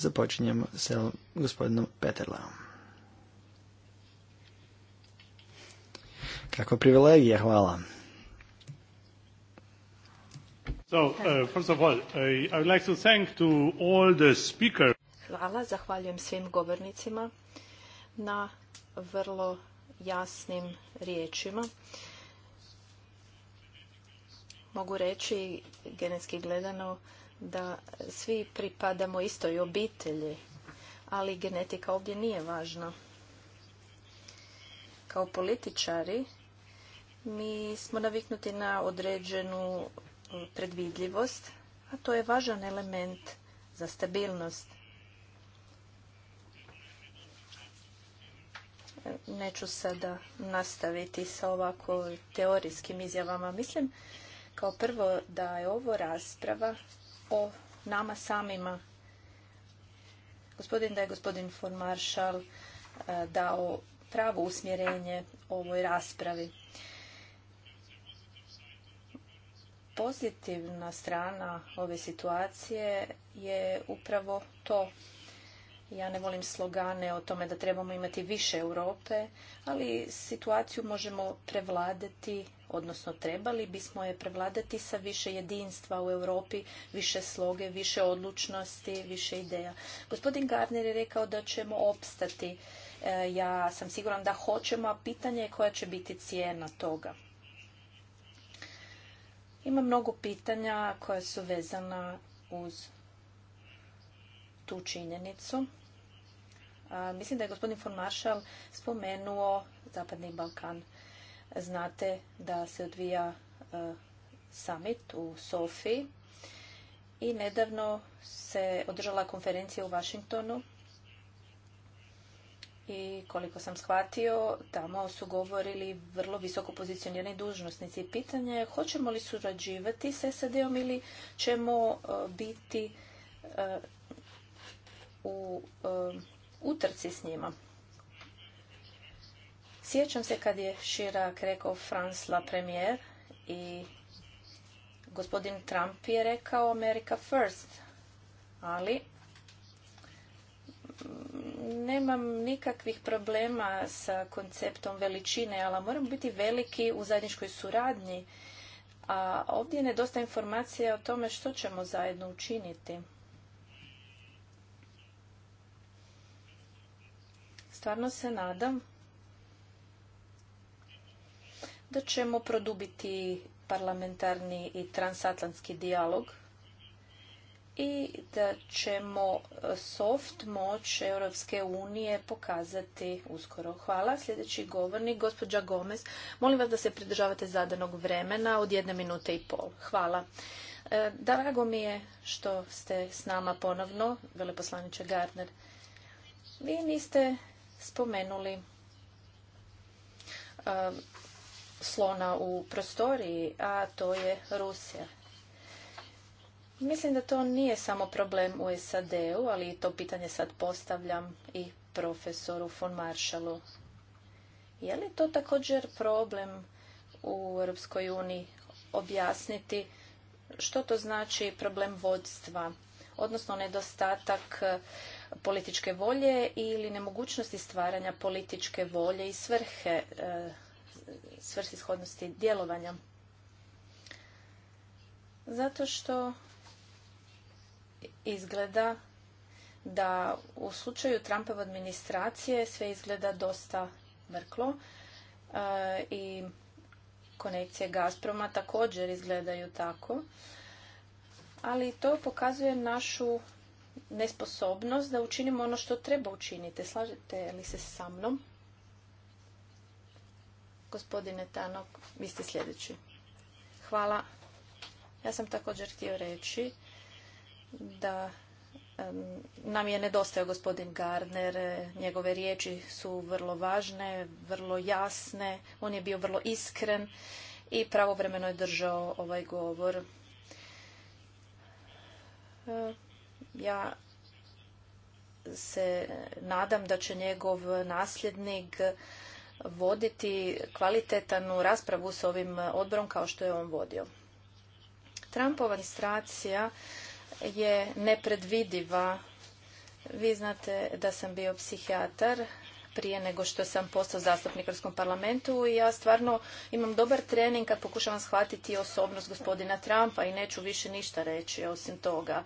Započinjemo sa eh, gospodinom Peterlaom. Kako privilegija, hvala. So, uh, I would like to thank to all the speakers. Hvala, zahvaljujem svim govornicima na vrlo jasnim riječima. Mogu reći, genetski gledano, da svi pripadamo istoj obitelji, ali genetika ovdje nije važna. Kao političari mi smo naviknuti na određenu predvidljivost, a to je važan element za stabilnost. Neću sada nastaviti sa ovako teorijskim izjavama. Mislim kao prvo da je ovo rasprava o nama samima. Gospodin da je gospodin von Marshall eh, dao pravo usmjerenje ovoj raspravi. Pozitivna strana ove situacije je upravo to. Ja ne volim slogane o tome da trebamo imati više Europe, ali situaciju možemo prevladati odnosno trebali bismo je prevladati sa više jedinstva u Europi, više sloge, više odlučnosti, više ideja. Gospodin Gardner je rekao da ćemo opstati. E, ja sam siguran da hoćemo, a pitanje je koja će biti cijena toga. Ima mnogo pitanja koja su vezana uz tu činjenicu. mislim da je gospodin von Marshall spomenuo Zapadni Balkan. Znate da se odvija e, summit u Sofiji i nedavno se održala konferencija u Washingtonu i koliko sam shvatio, tamo su govorili vrlo visoko pozicionirani dužnosnici. Pitanje je hoćemo li surađivati s SAD-om ili ćemo e, biti e, u utrci s njima. Sjećam se kad je Širak rekao la premier i gospodin Trump je rekao America first, ali nemam nikakvih problema sa konceptom veličine, ali moram biti veliki u zajedničkoj suradnji. A ovdje nedostaje informacija o tome što ćemo zajedno učiniti. Stvarno se nadam da ćemo produbiti parlamentarni i transatlantski dijalog i da ćemo e, soft moć Europske unije pokazati uskoro. Hvala. Sljedeći govornik, gospođa Gomez. Molim vas da se pridržavate zadanog vremena od jedne minute i pol. Hvala. E, drago mi je što ste s nama ponovno, veleposlaniče Gardner. Vi niste spomenuli e, slona u prostoriji, a to je Rusija. Mislim da to nije samo problem u SAD-u, ali to pitanje sad postavljam i profesoru von Marshallu. Je li to također problem u Europskoj uniji objasniti što to znači problem vodstva, odnosno nedostatak eh, političke volje ili nemogućnosti stvaranja političke volje i svrhe eh, svrsishodnosti djelovanja. Zato što izgleda da u slučaju Trumpove administracije sve izgleda dosta mrklo e, i konekcije Gazproma također izgledaju tako. Ali to pokazuje našu nesposobnost da učinimo ono što treba učiniti. Slažete li se sa mnom? Gospodine Tanok, vi ste sljedeći. Hvala. Ja sam također htio reći da nam je nedostao gospodin Gardner, njegove riječi su vrlo važne, vrlo jasne, on je bio vrlo iskren i pravovremeno je držao ovaj govor. Ja se nadam da će njegov nasljednik voditi kvalitetanu raspravu s ovim odborom kao što je on vodio. Trumpova administracija je nepredvidiva. Vi znate da sam bio psihijatar prije nego što sam postao zastupnik Europskom parlamentu i ja stvarno imam dobar trening kad pokušavam shvatiti osobnost gospodina Trumpa i neću više ništa reći osim toga.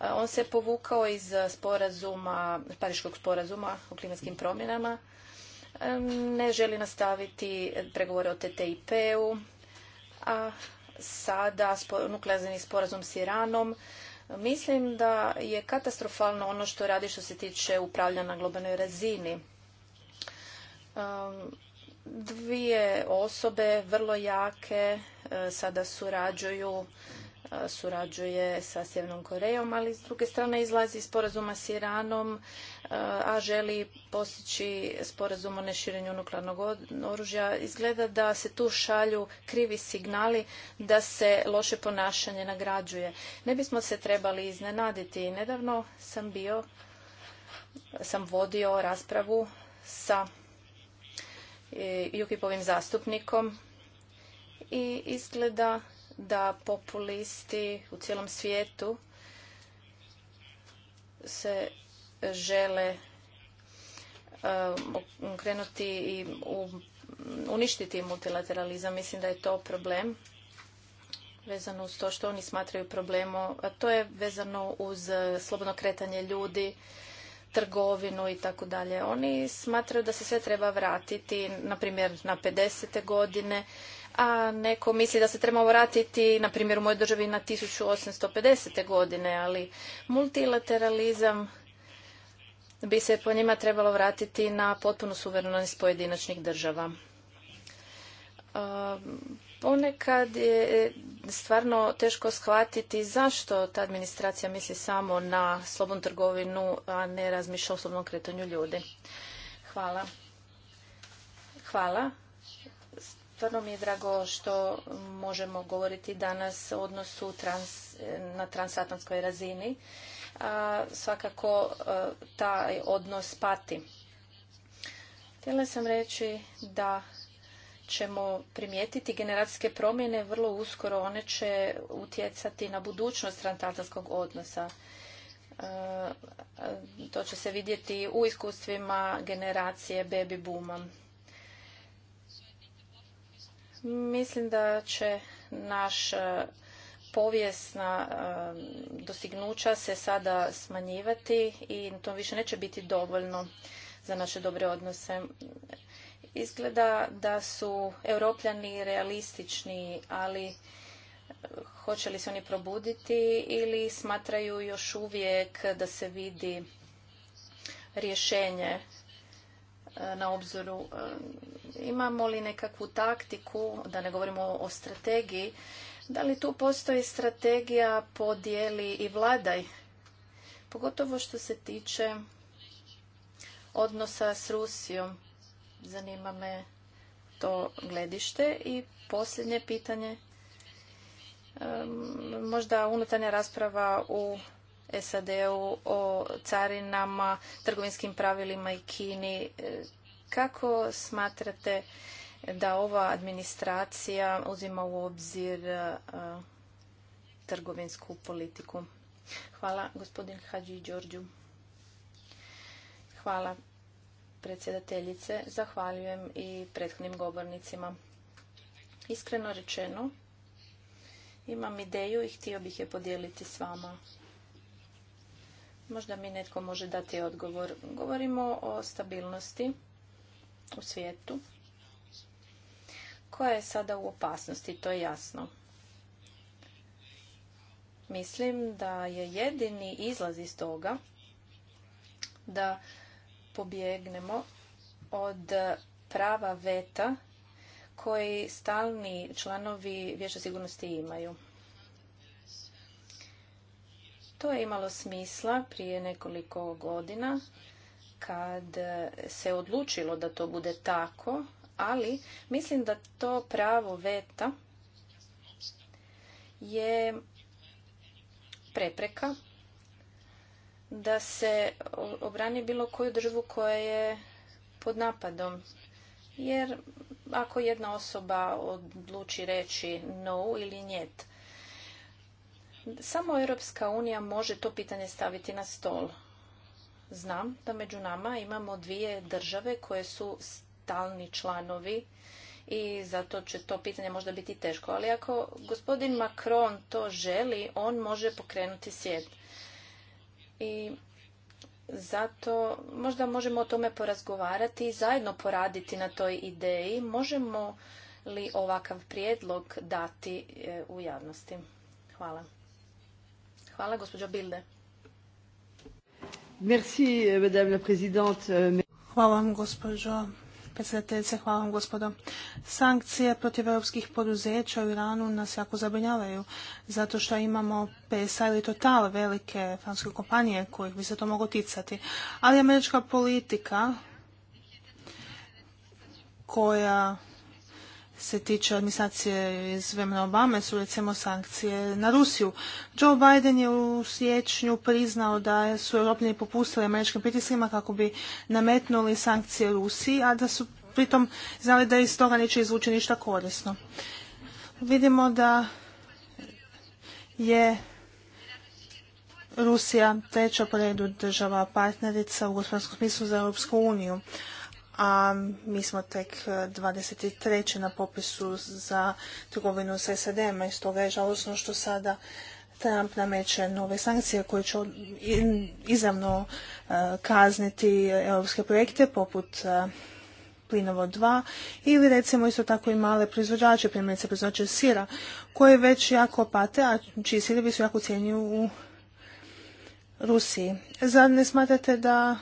On se povukao iz sporazuma, Pariškog sporazuma o klimatskim promjenama ne želi nastaviti pregovore o TTIP-u, a sada nuklearni sporazum s Iranom. Mislim da je katastrofalno ono što radi što se tiče upravljanja na globalnoj razini. Dvije osobe vrlo jake e, sada surađuju surađuje sa Sjevernom Korejom, ali s druge strane izlazi iz sporazuma s Iranom, a želi postići sporazum o neširenju nuklearnog oružja. Izgleda da se tu šalju krivi signali da se loše ponašanje nagrađuje. Ne bismo se trebali iznenaditi. Nedavno sam bio, sam vodio raspravu sa e, Jukipovim zastupnikom i izgleda da populisti u cijelom svijetu se žele um, krenuti i uništiti multilateralizam. Mislim da je to problem vezano uz to što oni smatraju problemom, a to je vezano uz uh, slobodno kretanje ljudi, trgovinu i tako dalje. Oni smatraju da se sve treba vratiti, na primjer na 50. godine a neko misli da se trebamo vratiti, na primjer u mojoj državi, na 1850. godine, ali multilateralizam bi se po njima trebalo vratiti na potpunu suverenost pojedinačnih država. Ehm, ponekad je stvarno teško shvatiti zašto ta administracija misli samo na slobom trgovinu, a ne razmišlja o slobodnom kretanju ljudi. Hvala. Hvala. Stvarno mi je drago što možemo govoriti danas o odnosu trans, na transatlantskoj razini. svakako e, taj odnos pati. Htjela sam reći da ćemo primijetiti generacijske promjene vrlo uskoro. One će utjecati na budućnost transatlantskog odnosa. E, to će se vidjeti u iskustvima generacije baby booma Mislim da će naš e, povijesna e, dostignuća se sada smanjivati i to više neće biti dovoljno za naše dobre odnose. Izgleda da su europljani realistični, ali e, hoće li se oni probuditi ili smatraju još uvijek da se vidi rješenje E, na obzoru. E, imamo li nekakvu taktiku, da ne govorimo o strategiji, da li tu postoji strategija podijeli i vladaj? Pogotovo što se tiče odnosa s Rusijom. Zanima me to gledište. I posljednje pitanje, e, možda unutarnja rasprava u SAD-u, o carinama, trgovinskim pravilima i Kini. E, kako smatrate da ova administracija uzima u obzir e, trgovinsku politiku? Hvala, gospodin Hadži Đorđu. Hvala, predsjedateljice. Zahvaljujem i prethodnim govornicima. Iskreno rečeno, imam ideju i htio bih je podijeliti s vama. Možda mi netko može dati odgovor. Govorimo o stabilnosti u svijetu koja je sada u opasnosti, to je jasno. Mislim da je jedini izlaz iz toga da pobjegnemo od prava veta koji stalni članovi Vijeća sigurnosti imaju. To je imalo smisla prije nekoliko godina kad se odlučilo da to bude tako, ali mislim da to pravo veta je prepreka da se obrani bilo koju državu koja je pod napadom. Jer ako jedna osoba odluči reći no ili njet, samo Europska unija može to pitanje staviti na stol. Znam da među nama imamo dvije države koje su stalni članovi i zato će to pitanje možda biti teško. Ali ako gospodin Macron to želi, on može pokrenuti svijet. I zato možda možemo o tome porazgovarati i zajedno poraditi na toj ideji. Možemo li ovakav prijedlog dati e, u javnosti? Hvala. Hvala, gospođo Bilde. Euh, vam, gospođo predsjedateljice, hvala vam gospodo. Sankcije protiv europskih poduzeća u Iranu nas jako zabrinjavaju, zato što imamo PSA ili Total, velike francuske kompanije kojih bi se to moglo ticati. Ali američka politika koja se tiče administracije iz vremena Obame su recimo sankcije na Rusiju. Joe Biden je u siječnju priznao da su Europljani popustili američkim pritiscima kako bi nametnuli sankcije Rusiji, a da su pritom znali da iz toga neće izvući ništa korisno. Vidimo da je Rusija treća po redu država partnerica u gospodarskom smislu za Europsku uniju a mi smo tek 23. E, na popisu za trgovinu s SAD-om i stoga je što sada Trump nameće nove sankcije koje će izravno e, kazniti europske projekte poput e, Plinovo 2 ili recimo isto tako i male proizvođače, primjerice proizvođače sira koje već jako pate, a čiji sirevi su jako cijenju u Rusiji. Zar ne smatrate da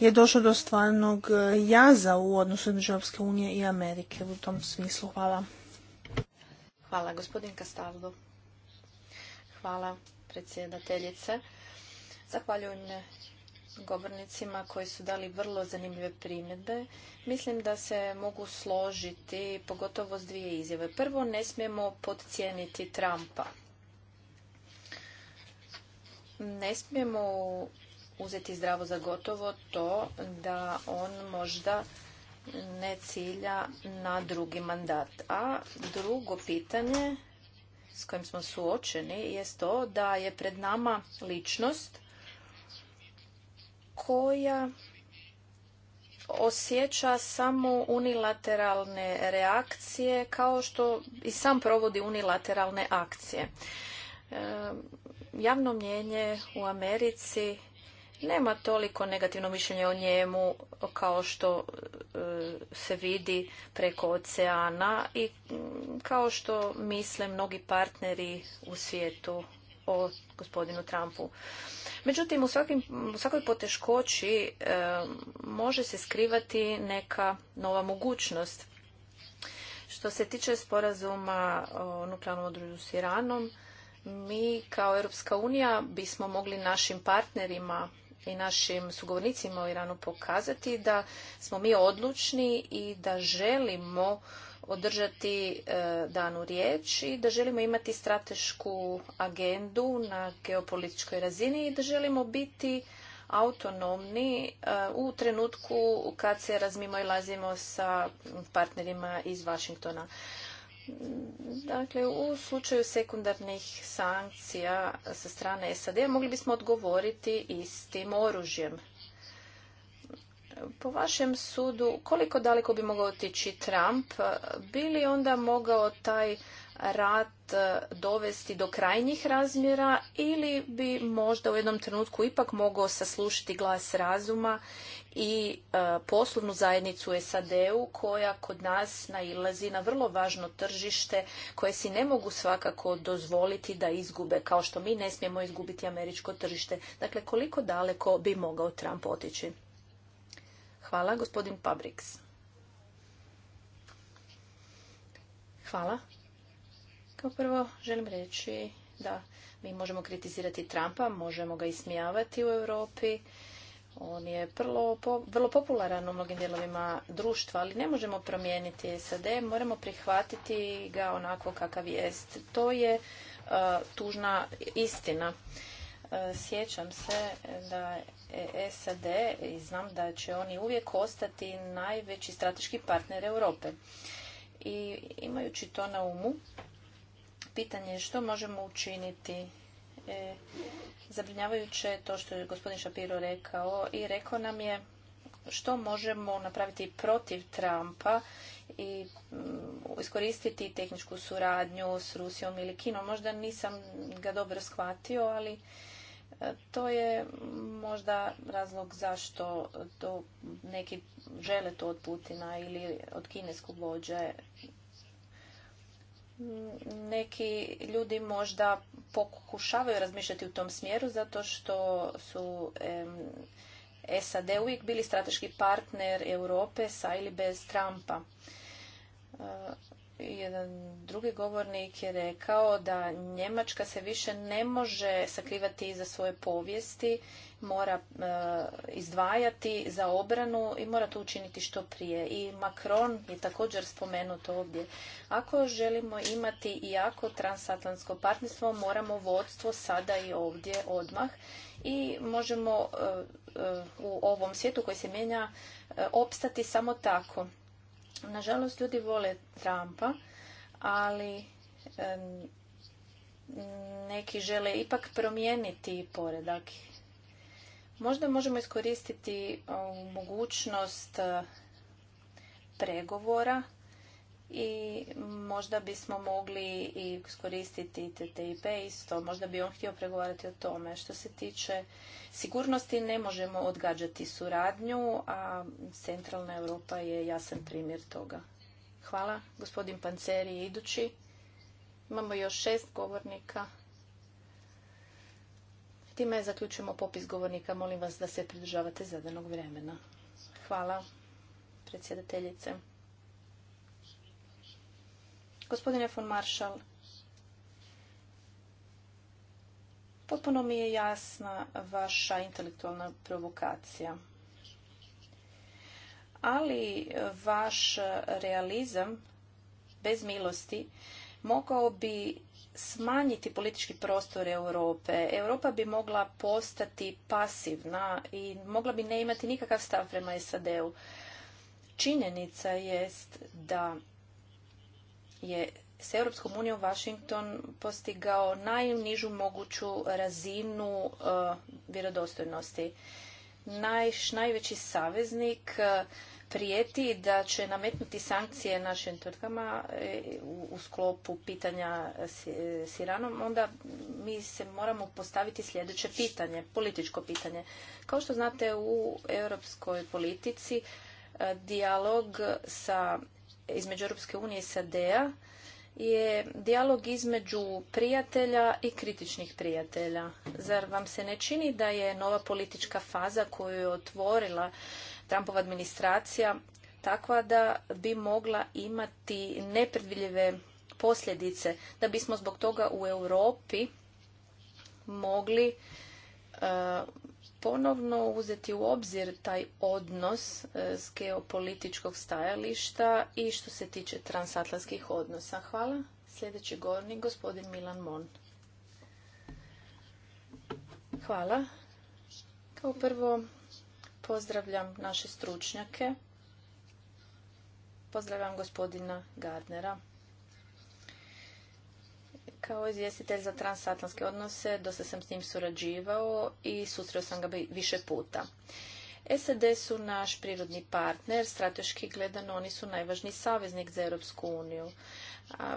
je došlo do stvarnog e, jaza u odnosu između Europske unije i Amerike u tom smislu. Hvala. Hvala, gospodin Kastaldo. Hvala, predsjedateljice. Zahvaljujem govornicima koji su dali vrlo zanimljive primjedbe. Mislim da se mogu složiti pogotovo s dvije izjave. Prvo, ne smijemo podcijeniti Trumpa. Ne smijemo uzeti zdravo za gotovo to da on možda ne cilja na drugi mandat. A drugo pitanje s kojim smo suočeni je to da je pred nama ličnost koja osjeća samo unilateralne reakcije kao što i sam provodi unilateralne akcije. E, javno mnjenje u Americi nema toliko negativno mišljenje o njemu kao što e, se vidi preko oceana i kao što misle mnogi partneri u svijetu o gospodinu Trumpu. Međutim, u, svakim, u svakoj poteškoći e, može se skrivati neka nova mogućnost. Što se tiče sporazuma o nuklearnom odružju s Iranom, mi kao Europska unija bismo mogli našim partnerima i našim sugovornicima u Iranu pokazati da smo mi odlučni i da želimo održati e, danu riječ i da želimo imati stratešku agendu na geopolitičkoj razini i da želimo biti autonomni e, u trenutku kad se razmimo i lazimo sa partnerima iz Vašingtona. Dakle, u slučaju sekundarnih sankcija sa strane sad mogli bismo odgovoriti istim oružjem. Po vašem sudu, koliko daleko bi mogao otići Trump? Bi li onda mogao taj rat e, dovesti do krajnjih razmjera ili bi možda u jednom trenutku ipak mogao saslušati glas razuma i e, poslovnu zajednicu SAD-u koja kod nas nailazi na vrlo važno tržište koje si ne mogu svakako dozvoliti da izgube kao što mi ne smijemo izgubiti američko tržište. Dakle, koliko daleko bi mogao Trump otići? Hvala, gospodin Pabriks. Hvala. Kao prvo želim reći da mi možemo kritizirati Trumpa, možemo ga ismijavati u Europi, on je vrlo, popularan u mnogim dijelovima društva, ali ne možemo promijeniti SAD, moramo prihvatiti ga onako kakav jest. To je e, tužna istina. E, sjećam se da SAD i znam da će oni uvijek ostati najveći strateški partner Europe. I imajući to na umu, pitanje je što možemo učiniti E, je zabrinjavajuće to što je gospodin Šapiro rekao i rekao nam je što možemo napraviti protiv Trumpa i mm, iskoristiti tehničku suradnju s Rusijom ili Kinom. Možda nisam ga dobro shvatio, ali e, to je možda razlog zašto to neki žele to od Putina ili od kineskog vođe neki ljudi možda pokušavaju razmišljati u tom smjeru zato što su SAD uvijek bili strateški partner Europe sa ili bez Trumpa. E, jedan drugi govornik je rekao da Njemačka se više ne može sakrivati iza svoje povijesti mora e, izdvajati za obranu i mora to učiniti što prije. I Macron je također spomenut ovdje. Ako želimo imati i jako transatlantsko partnerstvo, moramo vodstvo sada i ovdje odmah i možemo e, e, u ovom svijetu koji se mijenja opstati samo tako. Nažalost, ljudi vole Trumpa, ali neki žele ipak promijeniti poredak Možda možemo iskoristiti mogućnost e, pregovora i možda bismo mogli i iskoristiti TTIP isto, možda bi on htio pregovarati o tome. Što se tiče sigurnosti, ne možemo odgađati suradnju, a Centralna Europa je jasan primjer toga. Hvala, gospodin Panceri, idući. Imamo još šest govornika. Time zaključujemo popis govornika. Molim vas da se pridržavate zadanog vremena. Hvala, predsjedateljice. Gospodine von Marshall, potpuno mi je jasna vaša intelektualna provokacija. Ali vaš realizam bez milosti mogao bi smanjiti politički prostor Europe. Europa bi mogla postati pasivna i mogla bi ne imati nikakav stav prema SAD-u. Činjenica jest da je s Europskom unijom Washington postigao najnižu moguću razinu eh, vjerodostojnosti. naj najveći saveznik eh, prijeti da će nametnuti sankcije našim tvrtkama e, u sklopu pitanja e, s Iranom, onda mi se moramo postaviti sljedeće pitanje, političko pitanje. Kao što znate u europskoj politici e, dijalog sa između Europske unije i SAD-a je dijalog između prijatelja i kritičnih prijatelja. Zar vam se ne čini da je nova politička faza koju je otvorila Trumpova administracija takva da bi mogla imati nepredvidljive posljedice, da bismo zbog toga u Europi mogli e, ponovno uzeti u obzir taj odnos e, s geopolitičkog stajališta i što se tiče transatlantskih odnosa. Hvala. Sljedeći govornik, gospodin Milan Mon. Hvala. Kao prvo Pozdravljam naše stručnjake. Pozdravljam gospodina Gardnera. Kao izvjestitelj za transatlanske odnose, dosta sam s njim surađivao i susreo sam ga više puta. SAD su naš prirodni partner, strateški gledano oni su najvažniji saveznik za Europsku uniju.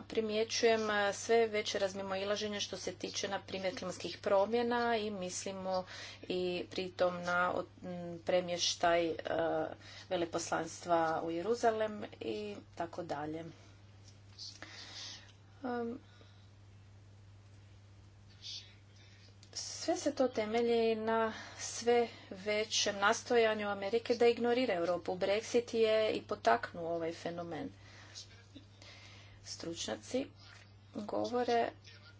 Primjećujem sve veće razmimoilaženje što se tiče, na primjer, klimatskih promjena i mislimo i pritom na premještaj veleposlanstva u Jeruzalem i tako dalje. se to temelji na sve većem nastojanju Amerike da ignorira Europu. Brexit je i potaknuo ovaj fenomen. Stručnjaci govore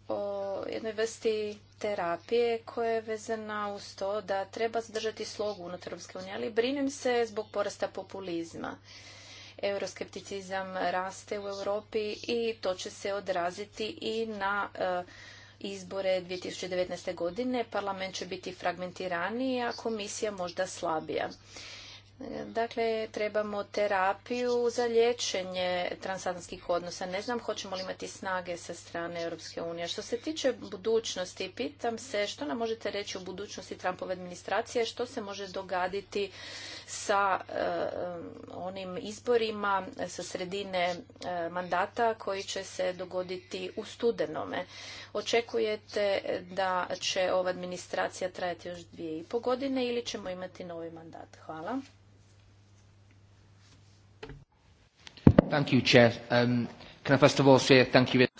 o jednoj vrsti terapije koja je vezana uz to da treba zadržati slogu unutar Europske unije, ali brinem se zbog porasta populizma. Euroskepticizam raste u Europi i to će se odraziti i na eh, izbore 2019. godine parlament će biti fragmentiraniji, a komisija možda slabija. Dakle, trebamo terapiju za liječenje transatlantskih odnosa. Ne znam hoćemo li imati snage sa strane Europske unije. Što se tiče budućnosti, pitam se što nam možete reći o budućnosti Trumpove administracije, što se može dogaditi sa eh, onim izborima sa sredine eh, mandata koji će se dogoditi u studenome. Očekujete da će ova administracija trajati još dvije i po godine ili ćemo imati novi mandat? Hvala.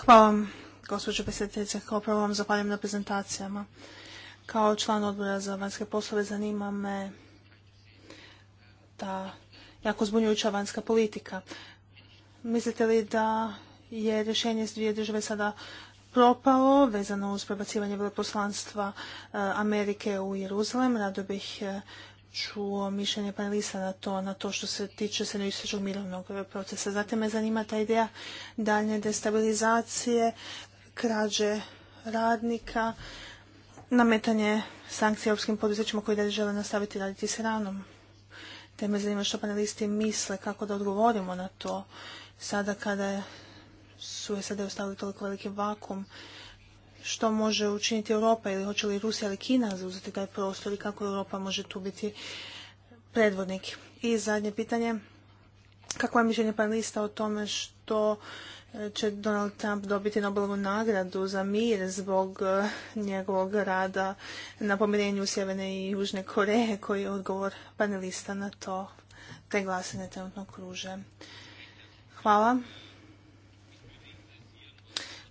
Hvala vam, gospođo predsjedateljice. Kao vam zahvaljujem na prezentacijama. Kao član odbora za vanjske poslove zanima me ta jako zbunjujuća vanjska politika. Mislite li da je rješenje s dvije države sada propalo vezano uz prebacivanje veleposlanstva eh, Amerike u Jeruzalem. Rado bih eh, čuo mišljenje panelista na to, na to što se tiče neistočnog mirovnog procesa. Zatim me zanima ta ideja daljnje destabilizacije, krađe radnika, nametanje sankcija europskim poduzećima koji dalje žele nastaviti raditi s ranom. Te me zanima što panelisti misle kako da odgovorimo na to sada kada su SAD sada ostavili toliko veliki vakum što može učiniti Europa ili hoće li Rusija ili Kina zauzeti taj prostor i kako Europa može tu biti predvodnik. I zadnje pitanje, kako je mišljenje panelista o tome što e, će Donald Trump dobiti Nobelovu nagradu za mir zbog e, njegovog rada na pomirenju Sjeverne i Južne Koreje, koji je odgovor panelista na to, te glasine trenutno kruže. Hvala.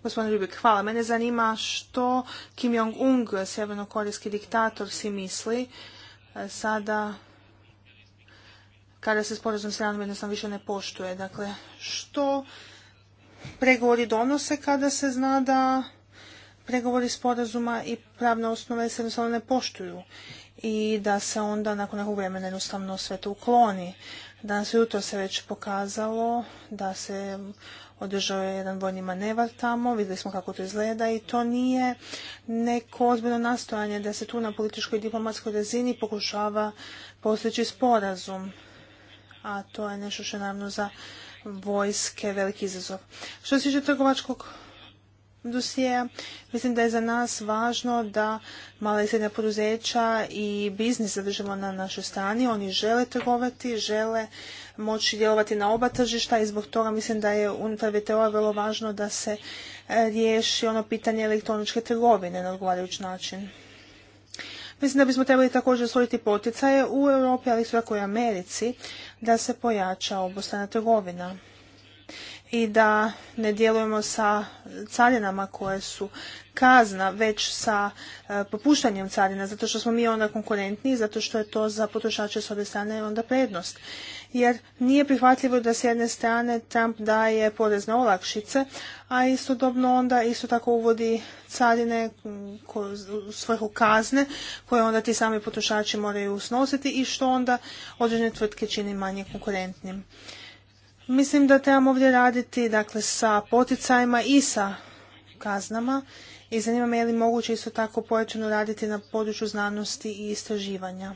Gospodin Ljubik, hvala. Mene zanima što Kim Jong-un, sjevernokorejski diktator, si misli e, sada kada se sporazum s Iranom jednostavno više ne poštuje. Dakle, što pregovori donose kada se zna da pregovori sporazuma i pravne osnove se jednostavno ne poštuju i da se onda nakon nekog vremena jednostavno sve to ukloni. Danas jutro se već pokazalo da se održao je jedan vojni manevar tamo, vidjeli smo kako to izgleda i to nije neko ozbiljno nastojanje da se tu na političkoj i diplomatskoj razini pokušava postići sporazum. A to je nešto što je naravno za vojske veliki izazov. Što se tiče trgovačkog dosijeja, mislim da je za nas važno da mala i srednja poduzeća i biznis zadržimo na našoj strani. Oni žele trgovati, žele moći djelovati na oba tržišta i zbog toga mislim da je unutar VTO-a vrlo važno da se e, riješi ono pitanje elektroničke trgovine na odgovarajući način. Mislim da bismo trebali također stvoriti poticaje u Europi, ali i tako Americi, da se pojača obostrana trgovina i da ne djelujemo sa carinama koje su kazna, već sa e, popuštanjem carina, zato što smo mi onda konkurentni, zato što je to za potrošače s obje strane onda prednost jer nije prihvatljivo da s jedne strane Trump daje porezne olakšice, a istodobno onda isto tako uvodi carine u svrhu kazne koje onda ti sami potrošači moraju snositi i što onda određene tvrtke čini manje konkurentnim. Mislim da trebamo ovdje raditi dakle, sa poticajima i sa kaznama i zanima me je li moguće isto tako pojačano raditi na području znanosti i istraživanja.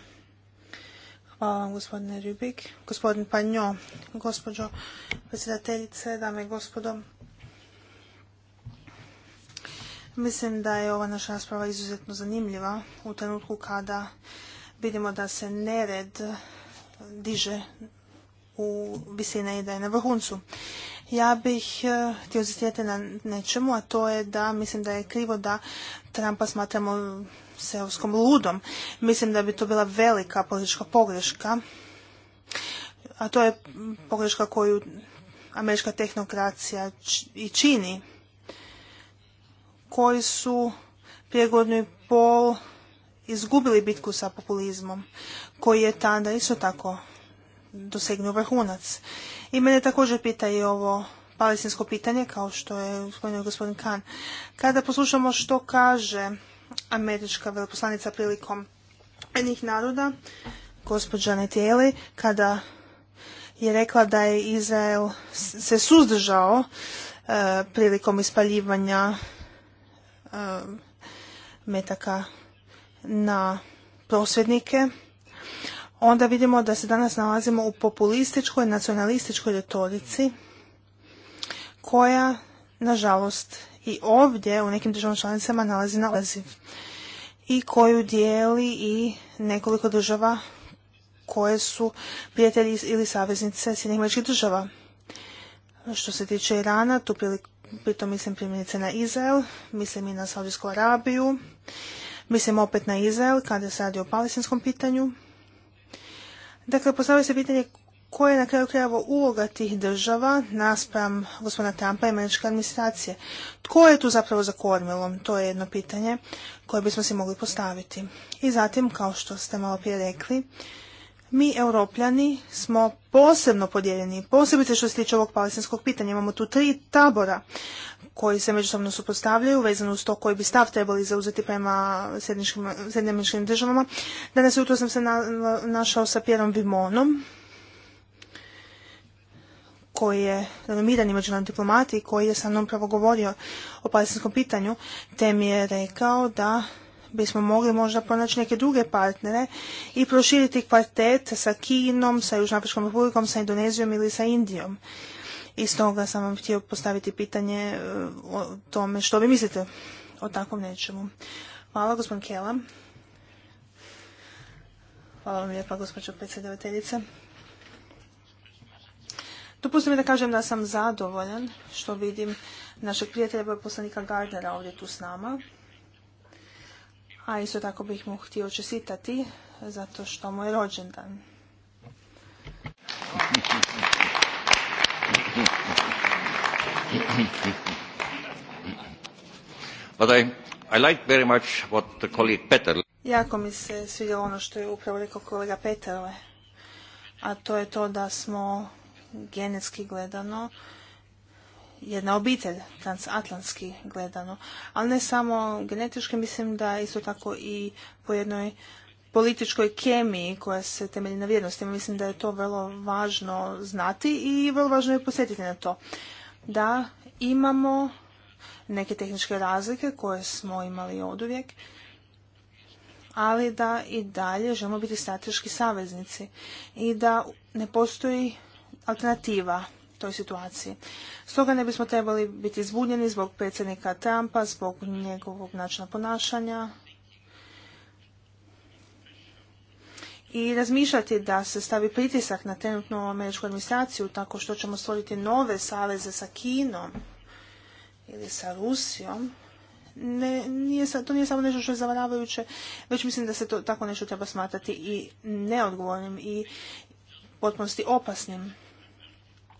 Hvala vam gospodine Rubik. Gospodin Panjo, gospođo predsjedateljice, dame i gospodo. Mislim da je ova naša rasprava izuzetno zanimljiva u trenutku kada vidimo da se nered diže u visine i da je na vrhuncu. Ja bih eh, htio na nečemu, a to je da mislim da je krivo da Trumpa smatramo seoskom ludom. Mislim da bi to bila velika politička pogreška, a to je pogreška koju američka tehnokracija i čini, koji su prije godinu i pol izgubili bitku sa populizmom, koji je tada isto tako dosegnuo vrhunac. I mene također pita i ovo palestinsko pitanje, kao što je gospodin gospodin Kan. Kada poslušamo što kaže američka veleposlanica prilikom jednih naroda, gospođa Netijeli, kada je rekla da je Izrael se suzdržao e, prilikom ispaljivanja e, metaka na prosvjednike, onda vidimo da se danas nalazimo u populističkoj, nacionalističkoj retorici koja, nažalost, i ovdje u nekim državama članicama nalazi na i koju dijeli i nekoliko država koje su prijatelji ili saveznice američkih država. Što se tiče Irana, tu pritom mislim primjenice na Izrael, mislim i na Saudijsku Arabiju, mislim opet na Izrael kada se radi o palestinskom pitanju. Dakle, postavlja se pitanje koja je na kraju krajeva uloga tih država naspram gospodina Trumpa i američke administracije. Tko je tu zapravo za kormilom? To je jedno pitanje koje bismo si mogli postaviti. I zatim, kao što ste malo prije rekli, mi europljani smo posebno podijeljeni, posebice što se tiče ovog palestinskog pitanja. Imamo tu tri tabora koji se međusobno suprotstavljaju vezano uz to koji bi stav trebali zauzeti prema Sjedinjenim državama. Danas jutro sam se našao sa Pjerom Vimonom, koji je renomirani međunarodni diplomat i koji je sa mnom pravo govorio o palestinskom pitanju, te mi je rekao da bismo mogli možda pronaći neke druge partnere i proširiti kvartet sa Kinom, sa Južnoafričkom republikom, sa Indonezijom ili sa Indijom. I stoga sam vam htio postaviti pitanje e, o tome što vi mislite o takvom nečemu. Hvala, gospodin Kela. Hvala vam lijepa, gospođo predsjedavateljice. Dopustite mi da kažem da sam zadovoljan što vidim našeg prijatelja poslanika Gardnera ovdje tu s nama. A isto tako bih mu htio čestitati zato što mu je rođendan. Jako mi se svidjelo ono što je upravo rekao kolega Peterle, a to je to da smo genetski gledano jedna obitelj, transatlantski gledano. Ali ne samo genetički, mislim da isto tako i po jednoj političkoj kemiji koja se temelji na vrijednostima. Mislim da je to vrlo važno znati i vrlo važno je posjetiti na to. Da imamo neke tehničke razlike koje smo imali oduvijek, ali da i dalje želimo biti strateški saveznici i da ne postoji alternativa toj situaciji. Stoga ne bismo trebali biti zbunjeni zbog predsjednika Trumpa, zbog njegovog načina ponašanja i razmišljati da se stavi pritisak na trenutnu američku administraciju tako što ćemo stvoriti nove saveze sa Kinom ili sa Rusijom. Ne, nije, to nije samo nešto što je zavaravajuće, već mislim da se to tako nešto treba smatrati i neodgovornim i potpunosti opasnim.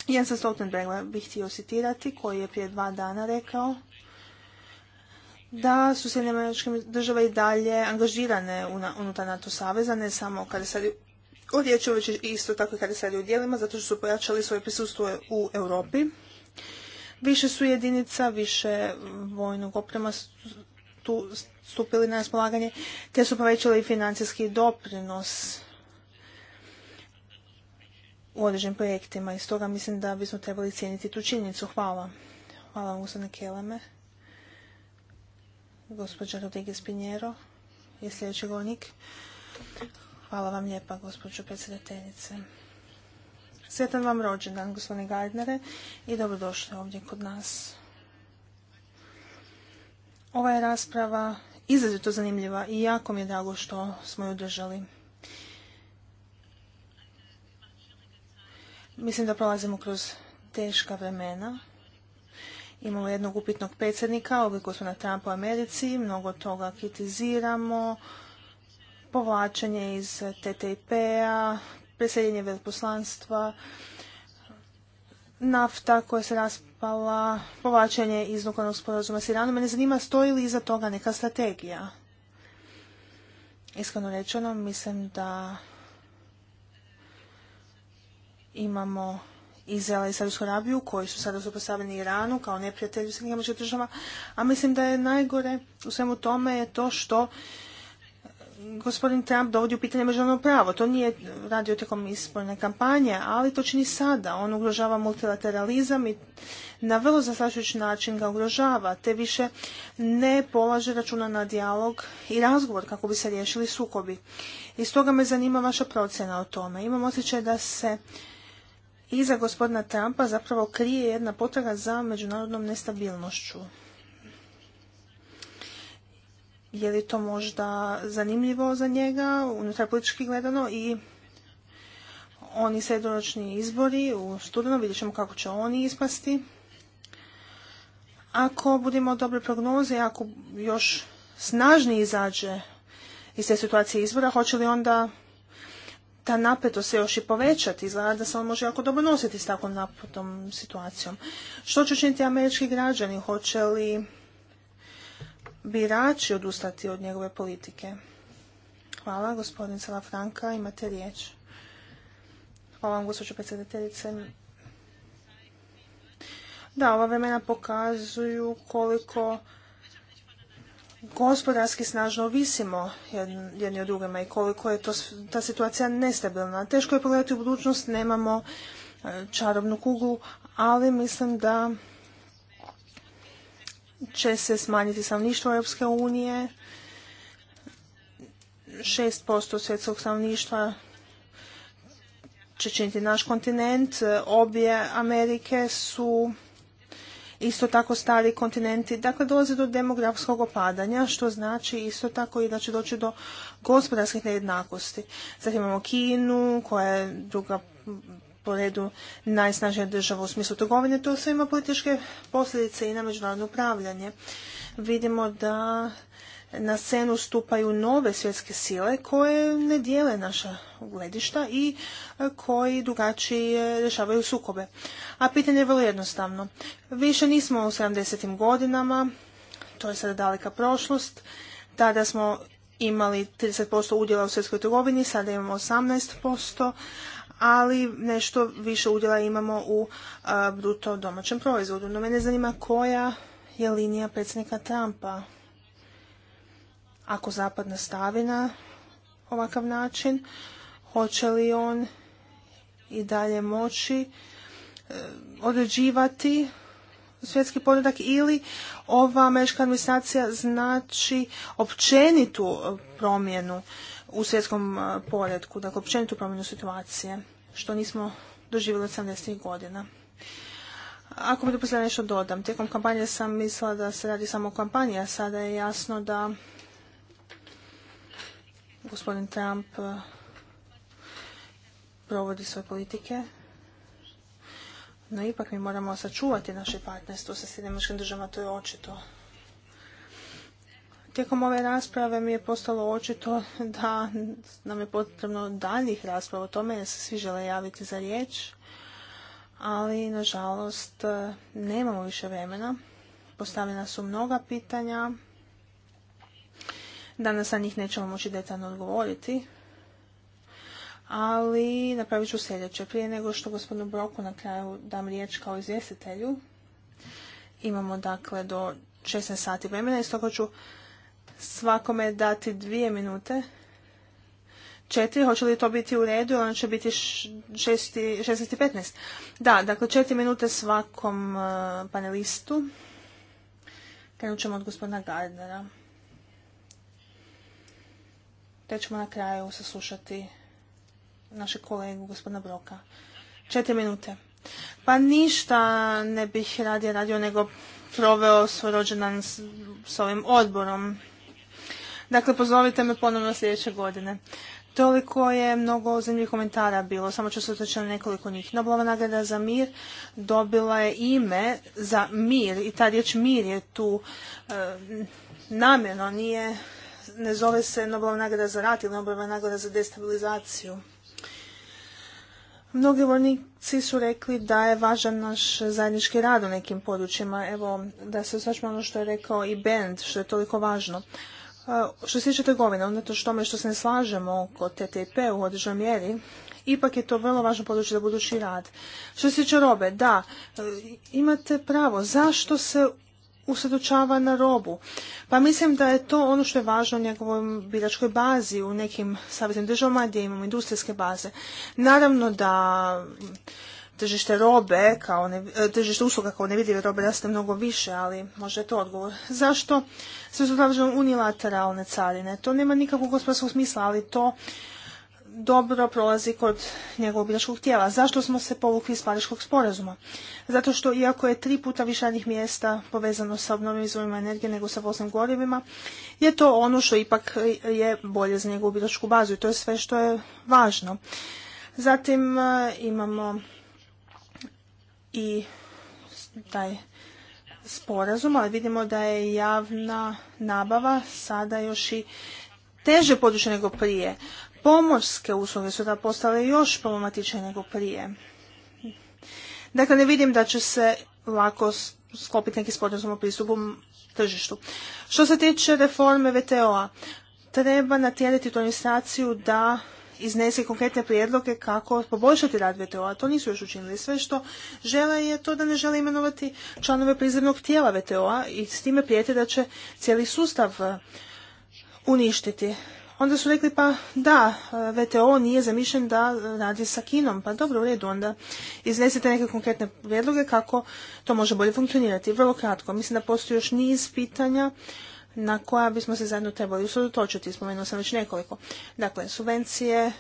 Jensa Stoltenberga bih htio citirati, koji je prije dva dana rekao da su Sjedinje američke države i dalje angažirane unutar NATO saveza, ne samo kada se o već isto tako kada se radi o dijelima, zato što su pojačali svoje prisustvo u Europi. Više su jedinica, više vojnog oprema tu stupili na raspolaganje, te su povećali financijski doprinos u određenim projektima i stoga mislim da bismo trebali cijeniti tu činjenicu. Hvala. Hvala vam, gospodine Keleme. Gospođa Rodriguez Spinjero je sljedeći govornik. Hvala vam lijepa, gospođo predsjedateljice. Sretan vam rođendan, gospodine Gardnere, i dobrodošli ovdje kod nas. Ova je rasprava izrazito zanimljiva i jako mi je drago što smo ju držali. Mislim da prolazimo kroz teška vremena. Imamo jednog upitnog predsjednika, ovdje gospodina Trumpa u Americi, mnogo toga kritiziramo, povlačenje iz TTIP-a, preseljenje veleposlanstva, nafta koja se raspala, povlačenje iz nuklearnog sporazuma s Iranom. Mene zanima stoji li iza toga neka strategija. Iskreno rečeno, mislim da imamo Izraela i Saudijsku Arabiju koji su sada suprotstavljeni Iranu kao neprijatelji Sjedinjenih država, a mislim da je najgore u svemu tome je to što e, gospodin Trump dovodi u pitanje međunarodno pravo. To nije radio tijekom izborne kampanje, ali to čini sada. On ugrožava multilateralizam i na vrlo zastrašujući način ga ugrožava, te više ne polaže računa na dijalog i razgovor kako bi se riješili sukobi. I stoga me zanima vaša procjena o tome. Imam osjećaj da se iza gospodina Trumpa zapravo krije jedna potraga za međunarodnom nestabilnošću. Je li to možda zanimljivo za njega, unutar politički gledano i oni sredoročni izbori u Studenu, vidjet ćemo kako će oni ispasti. Ako budemo dobre prognoze, ako još snažnije izađe iz te situacije izbora, hoće li onda ta napeto se još i povećati, izgleda da se on može jako dobro nositi s takvom naputom situacijom. Što će učiniti američki građani? Hoće li birači odustati od njegove politike? Hvala, gospodin franka imate riječ. Hvala vam, gospođo predsjedateljice. Da, ova vremena pokazuju koliko gospodarski snažno ovisimo jedni od drugima i koliko je to, ta situacija nestabilna. Teško je pogledati u budućnost, nemamo e, čarobnu kuglu, ali mislim da će se smanjiti stanovništvo Europske unije, 6% svjetskog stanovništva će činiti naš kontinent. E, obje Amerike su isto tako stari kontinenti. Dakle, dolazi do demografskog opadanja, što znači isto tako i da će doći do gospodarskih nejednakosti. Zatim imamo Kinu, koja je druga po redu najsnažnija država u smislu trgovine. To sve ima političke posljedice i na međunarodno upravljanje. Vidimo da na scenu stupaju nove svjetske sile koje ne dijele naša gledišta i e, koji drugačije rješavaju sukobe. A pitanje je vrlo jednostavno. Više nismo u 70. godinama, to je sada daleka prošlost, tada smo imali 30% udjela u svjetskoj trgovini, sada imamo 18%, ali nešto više udjela imamo u e, bruto domaćem proizvodu. No mene zanima koja je linija predsjednika Trumpa ako Zapad nastavi na ovakav način, hoće li on i dalje moći e, određivati svjetski poredak ili ova američka administracija znači općenitu promjenu u svjetskom e, poredku, dakle općenitu promjenu situacije, što nismo doživjeli od 70. godina. Ako bi dopustila nešto dodam, tijekom kampanje sam mislila da se radi samo o kampanji, a sada je jasno da gospodin Trump eh, provodi svoje politike, no ipak mi moramo sačuvati naše partnerstvo sa Sjedinjenim državama, to je očito. Tijekom ove rasprave mi je postalo očito da nam je potrebno daljih rasprava o tome jer se svi žele javiti za riječ, ali nažalost eh, nemamo više vremena. Postavljena su mnoga pitanja Danas na njih nećemo moći detaljno odgovoriti, ali napravit ću sljedeće. Prije nego što gospodinu Broku na kraju dam riječ kao izvjestitelju, imamo dakle do 16 sati vremena i stoga ću svakome dati dvije minute. Četiri, hoće li to biti u redu, ono će biti 16.15. Da, dakle četiri minute svakom eh, panelistu. Krenut ćemo od gospodina Gardnera te ćemo na kraju saslušati našeg kolegu gospodina Broka. Četiri minute. Pa ništa ne bih radije radio nego proveo svoj rođendan s, ovim odborom. Dakle, pozovite me ponovno sljedeće godine. Toliko je mnogo zanimljivih komentara bilo, samo ću se otočiti na nekoliko njih. Nobelova nagrada za mir dobila je ime za mir i ta riječ mir je tu e, namjerno, nije ne zove se Nobelova nagrada za rat ili Nobelova nagrada za destabilizaciju. Mnogi vojnici su rekli da je važan naš zajednički rad u nekim područjima. Evo, da se osvrćemo ono što je rekao i Bend, što je toliko važno. što se tiče trgovine, unatoč tome što se ne slažemo oko TTP u određenoj mjeri, ipak je to vrlo važno područje za budući rad. Što se tiče robe, da, e, imate pravo. Zašto se usredočava na robu. Pa mislim da je to ono što je važno u njegovoj biračkoj bazi u nekim savjetnim državama gdje imamo industrijske baze. Naravno da tržište robe, kao ne, e, tržište usluga kao nevidljive robe raste mnogo više, ali možda je to odgovor. Zašto se su unilateralne carine? To nema nikakvog gospodarskog smisla, ali to dobro prolazi kod njegovog biračkog tijela. Zašto smo se povukli iz Pariškog sporazuma? Zato što iako je tri puta više radnih mjesta povezano sa obnovljivim izvorima energije nego sa voznim gorivima, je to ono što ipak je bolje za njegovu biračku bazu i to je sve što je važno. Zatim e, imamo i taj sporazum, ali vidimo da je javna nabava sada još i teže područje nego prije pomorske usluge su da postale još problematičnije nego prije. Dakle, ne vidim da će se lako sklopiti neki sporazum o pristupu tržištu. Što se tiče reforme VTO-a, treba natjerati tu administraciju da iznese konkretne prijedloge kako poboljšati rad VTO-a. To nisu još učinili. Sve što žele je to da ne žele imenovati članove prizemnog tijela VTO-a i s time prijeti da će cijeli sustav e, uništiti onda su rekli pa da, VTO nije zamišljen da radi sa Kinom. Pa dobro, u redu, onda iznesite neke konkretne prijedloge kako to može bolje funkcionirati. Vrlo kratko, mislim da postoji još niz pitanja na koja bismo se zajedno trebali usodotočiti, Spomenuo sam već nekoliko. Dakle, subvencije,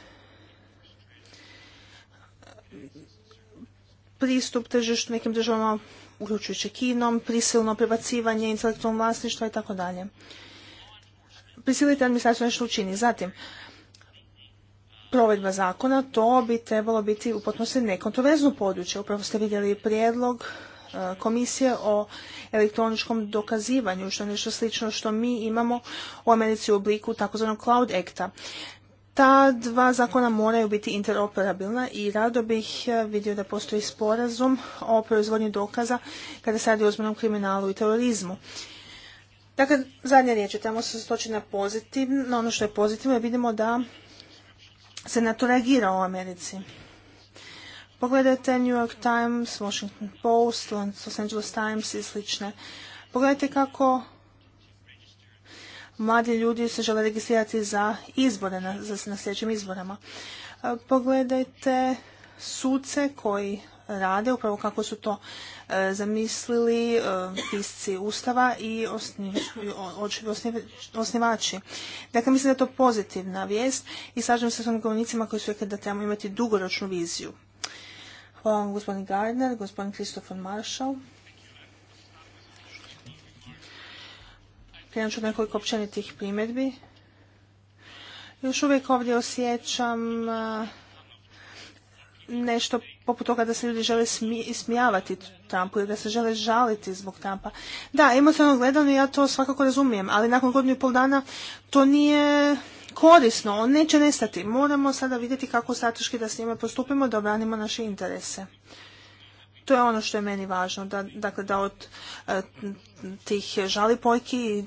pristup tržištu nekim državama, uključujući Kinom, prisilno prebacivanje intelektualnog vlasništva i tako dalje prisiliti administraciju nešto učini. Zatim, provedba zakona, to bi trebalo biti u potpunosti nekontroverzno područje. Upravo ste vidjeli prijedlog e, komisije o elektroničkom dokazivanju, što je nešto slično što mi imamo u Americi u obliku takozvanog Cloud Acta. Ta dva zakona moraju biti interoperabilna i rado bih e, vidio da postoji sporazum o proizvodnji dokaza kada se radi o ozbiljnom kriminalu i terorizmu. Dakle, zadnja riječ je tamo se stoči na pozitivno. Ono što je pozitivno je vidimo da se na to reagira u Americi. Pogledajte New York Times, Washington Post, Los Angeles Times i slične. Pogledajte kako mladi ljudi se žele registrirati za izbore, na, na sljedećim izborama. Pogledajte suce koji rade, upravo kako su to e, zamislili e, pisci Ustava i osnivači. Dakle, mislim da je to pozitivna vijest i slažem se s onim govornicima koji su rekli da trebamo imati dugoročnu viziju. Hvala vam gospodin Gardner, gospodin Christopher Marshall. Krenut ću nekoliko općenitih primjedbi. Još uvijek ovdje osjećam e, nešto poput toga da se ljudi žele ismijavati Trumpu ili da se žele žaliti zbog Trumpa. Da, emocionalno gledano ja to svakako razumijem, ali nakon godinu i pol dana to nije korisno, on neće nestati. Moramo sada vidjeti kako strateški da s njima postupimo, da obranimo naše interese. To je ono što je meni važno, da, dakle, da od e, tih žali pojki i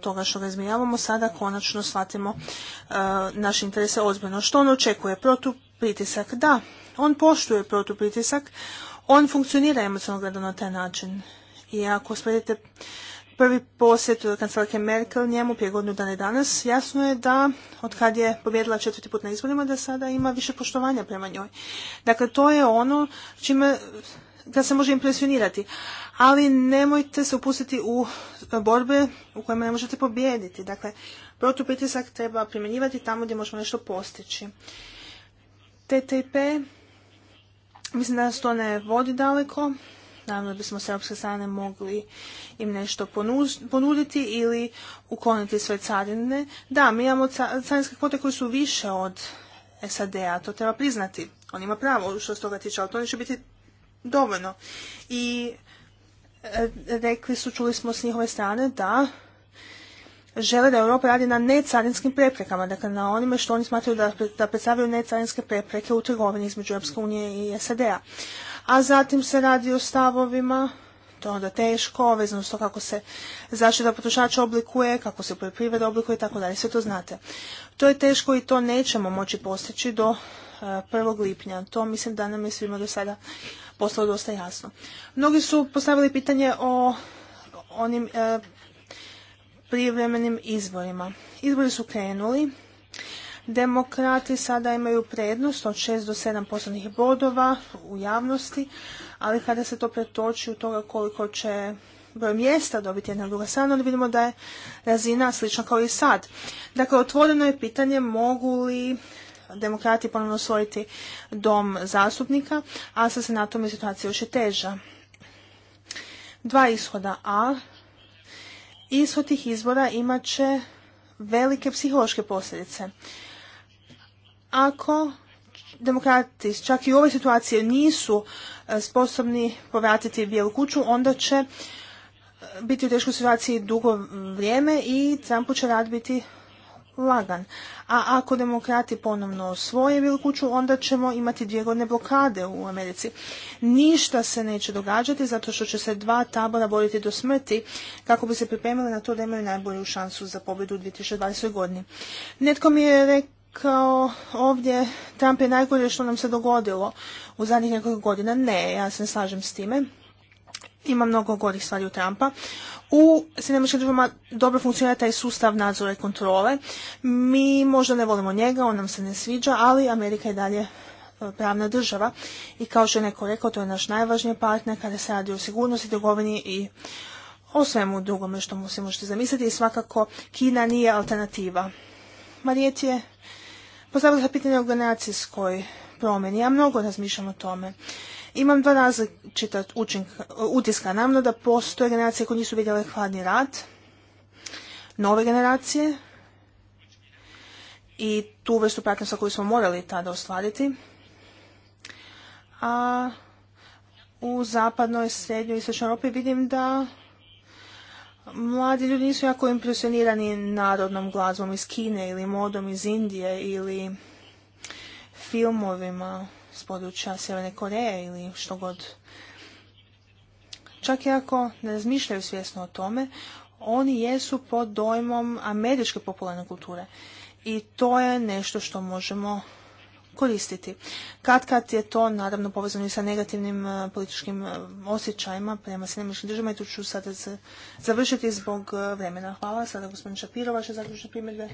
toga što izmijavamo sada konačno shvatimo e, naše interese ozbiljno. Što on očekuje? Protu pritisak? Da, on poštuje protupritisak, on funkcionira emocionalno gledano na taj način. I ako spredite prvi posjet kancelarke Merkel njemu prije godinu dana i danas, jasno je da od kad je pobjedila četvrti put na izborima da sada ima više poštovanja prema njoj. Dakle, to je ono čime da se može impresionirati. Ali nemojte se upustiti u borbe u kojima ne možete pobijediti. Dakle, protupritisak treba primjenjivati tamo gdje možemo nešto postići. TTP Mislim da nas to ne vodi daleko. Naravno da bismo s europske strane mogli im nešto ponuditi ili ukloniti sve carine. Da, mi imamo carinske kvote koje su više od SAD-a, to treba priznati. On ima pravo što se toga tiče, ali to neće biti dovoljno. I e, rekli su, čuli smo s njihove strane da žele da Europa radi na necarinskim preprekama, dakle na onime što oni smatraju da, predstavljaju necarinske prepreke u trgovini između Europske unije i SAD-a. A zatim se radi o stavovima to je onda teško, vezano s to kako se zaštita potrošača oblikuje, kako se poljoprivreda oblikuje i tako dalje. Sve to znate. To je teško i to nećemo moći postići do 1. E, lipnja. To mislim da nam je svima do sada postalo dosta jasno. Mnogi su postavili pitanje o onim e, prijevremenim izborima. Izbori su krenuli. Demokrati sada imaju prednost od 6 do 7 poslovnih bodova u javnosti, ali kada se to pretoči u toga koliko će broj mjesta dobiti jedna druga strana, vidimo da je razina slična kao i sad. Dakle, otvoreno je pitanje mogu li demokrati ponovno osvojiti dom zastupnika, a sa senatom je situacija još i teža. Dva ishoda A ishod tih izbora imat će velike psihološke posljedice. Ako demokrati čak i u ovoj situaciji nisu e, sposobni povratiti bijelu kuću, onda će e, biti u teškoj situaciji dugo vrijeme i Trumpu će rad biti lagan. A ako demokrati ponovno osvoje Bjelu kuću, onda ćemo imati dvije godine blokade u Americi. Ništa se neće događati zato što će se dva tabora boriti do smrti kako bi se pripremili na to da imaju najbolju šansu za pobjedu u 2020. godini. Netko mi je rekao ovdje Trump je najgore što nam se dogodilo u zadnjih nekoliko godina. Ne, ja se ne slažem s time ima mnogo gorih stvari u Trumpa. U Sjedinjeničkim državama dobro funkcionira taj sustav nadzora i kontrole. Mi možda ne volimo njega, on nam se ne sviđa, ali Amerika je dalje e, pravna država i kao što je neko rekao, to je naš najvažniji partner kada se radi o sigurnosti, trgovini i o svemu drugome što mu se možete zamisliti i svakako Kina nije alternativa. Marijet je postavila pitanje o generacijskoj promjeni. Ja mnogo razmišljam o tome. Imam dva različita utiska. Namno da postoje generacije koje nisu vidjele hladni rat, nove generacije i tu vrstu partnerstva koju smo morali tada ostvariti. A u zapadnoj, srednjoj i srednjoj Europi vidim da mladi ljudi nisu jako impresionirani narodnom glazbom iz Kine ili modom iz Indije ili filmovima s područja Sjeverne Koreje ili što god. Čak i ako ne razmišljaju svjesno o tome, oni jesu pod dojmom američke popularne kulture. I to je nešto što možemo koristiti. Kad kad je to naravno povezano i sa negativnim e, političkim e, osjećajima prema Sjedinjenim državama i tu ću sada završiti zbog e, vremena. Hvala. Sada gospodin Šapiro, vaše zaključne primjedbe.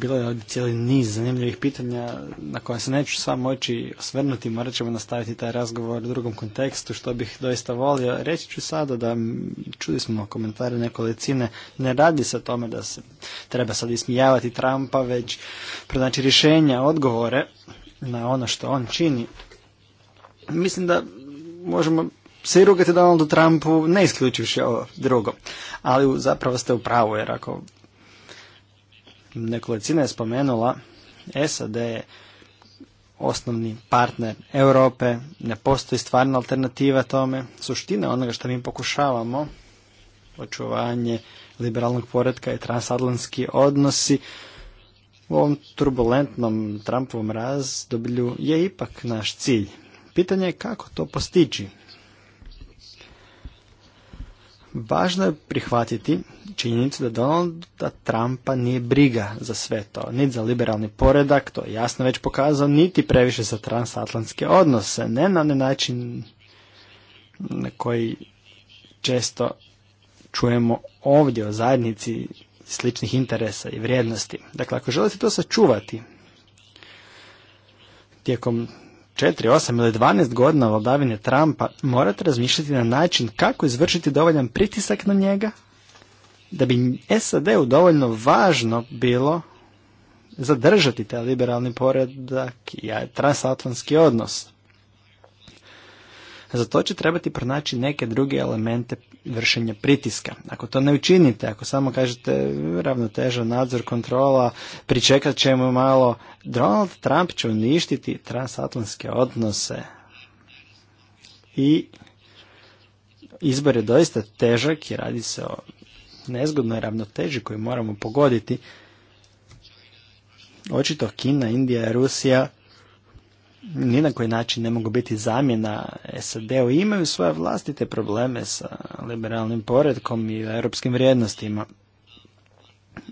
Bilo je cijeli niz zanimljivih pitanja na koje se neću sam moći osvrnuti, morat ćemo nastaviti taj razgovor u drugom kontekstu, što bih doista volio. Reći ću sada da čuli smo komentare nekolicine, ne radi se o tome da se treba sad ismijavati Trumpa, već pronaći rješenja, odgovore na ono što on čini. Mislim da možemo se i rugati Donaldu Trumpu, ne isključivši ovo drugo. Ali zapravo ste u pravu, jer ako nekolicina je spomenula, SAD je osnovni partner Europe, ne postoji stvarna alternativa tome. Suština onoga što mi pokušavamo, očuvanje liberalnog poredka i transatlantski odnosi, u ovom turbulentnom Trumpovom razdoblju je ipak naš cilj. Pitanje je kako to postići. Važno je prihvatiti činjenicu da Donalda Trumpa nije briga za sve to, niti za liberalni poredak, to je jasno već pokazao, niti previše za transatlantske odnose, ne na onaj način na koji često čujemo ovdje o zajednici sličnih interesa i vrijednosti. Dakle, ako želite to sačuvati tijekom 4, 8 ili 12 godina vladavine Trumpa, morate razmišljati na način kako izvršiti dovoljan pritisak na njega, da bi SAD-u dovoljno važno bilo zadržati taj liberalni poredak i transatlantski odnos. Za to će trebati pronaći neke druge elemente vršenja pritiska. Ako to ne učinite, ako samo kažete ravnoteža, nadzor, kontrola, pričekat ćemo malo, Donald Trump će uništiti transatlantske odnose. I izbor je doista težak i radi se o nezgodnoj ravnoteži koju moramo pogoditi. Očito Kina, Indija, Rusija ni na koji način ne mogu biti zamjena SAD-u imaju svoje vlastite probleme sa liberalnim poredkom i europskim vrijednostima.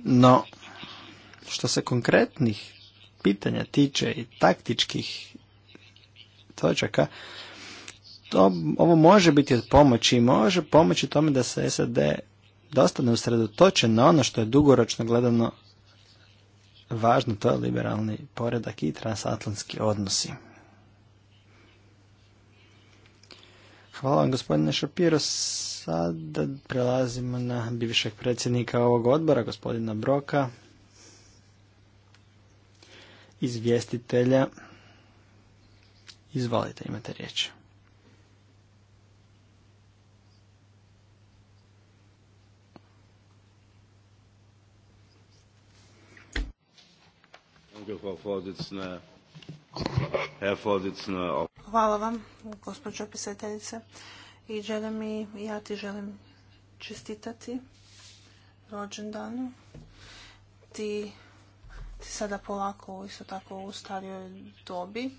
No, što se konkretnih pitanja tiče i taktičkih točaka, to, ovo može biti od pomoći i može pomoći tome da se SAD dostane usredotoče na ono što je dugoročno gledano važno, to je liberalni poredak i transatlantski odnosi. Hvala vam gospodine Šapiro. Sada prelazimo na bivšeg predsjednika ovog odbora, gospodina Broka, izvjestitelja. Izvolite, imate riječ. Hvala vam, gospođo pisateljice. I želim i ja ti želim čestitati rođendanu. Ti, ti sada polako isto tako u starijoj dobi.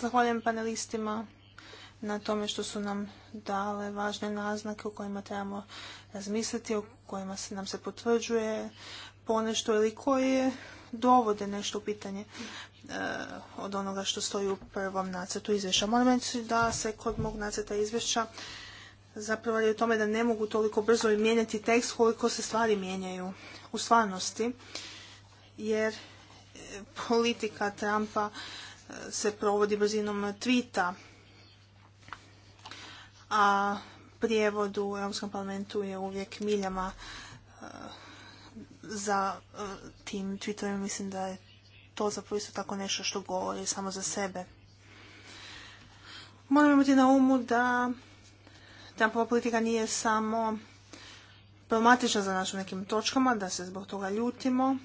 Zahvaljujem panelistima na tome što su nam dale važne naznake u kojima trebamo razmisliti, o kojima se nam se potvrđuje ponešto ili koje je dovode nešto u pitanje eh, od onoga što stoji u prvom nacrtu izvješća. Moram reći da se kod mog nacrta izvješća zapravo je u tome da ne mogu toliko brzo mijenjati tekst koliko se stvari mijenjaju u stvarnosti, jer eh, politika Trumpa eh, se provodi brzinom Twita, a prijevod u Europskom parlamentu je uvijek miljama za e, tim twitterima Mislim da je to zapravo isto tako nešto što govori samo za sebe. Moramo imati na umu da Trumpova politika nije samo problematična za našim nekim točkama, da se zbog toga ljutimo.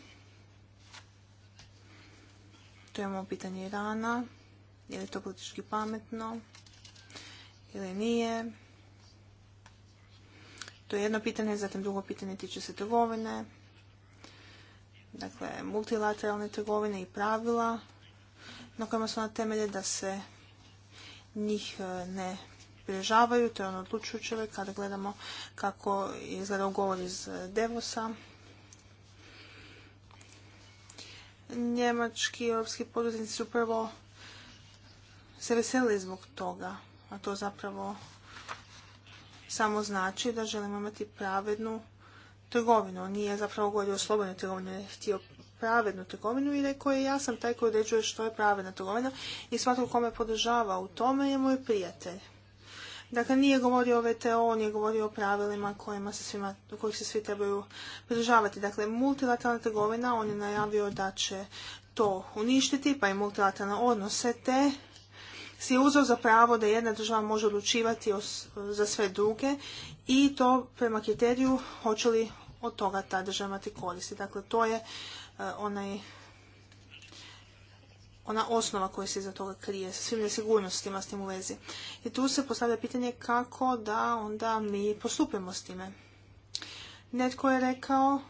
To imamo pitanje Irana, je li to politički pametno ili nije. To je jedno pitanje, zatim drugo pitanje tiče se trgovine dakle, multilateralne trgovine i pravila na kojima su na temelje da se njih e, ne priježavaju, to je ono odlučujuće kada gledamo kako izgleda ugovor iz e, Devosa. Njemački i europski poduzetnici su prvo se veselili zbog toga, a to zapravo samo znači da želimo imati pravednu trgovinu. On nije zapravo govorio o slobodnoj trgovini, on je htio pravednu trgovinu i rekao je ja sam taj koji određuje što je pravedna trgovina i svatko kome podržava u tome je moj prijatelj. Dakle, nije govorio o VTO, on je govorio o pravilima kojima se kojih se svi trebaju pridržavati. Dakle, multilateralna trgovina, on je najavio da će to uništiti, pa i multilateralne odnose, te si je uzeo za pravo da jedna država može odlučivati za sve druge i to prema kriteriju hoće li od toga ta država imati koristi. Dakle, to je e, onaj ona osnova koja se iza toga krije, sa svim nesigurnostima s tim u vezi. I tu se postavlja pitanje kako da onda mi postupimo s time. Netko je rekao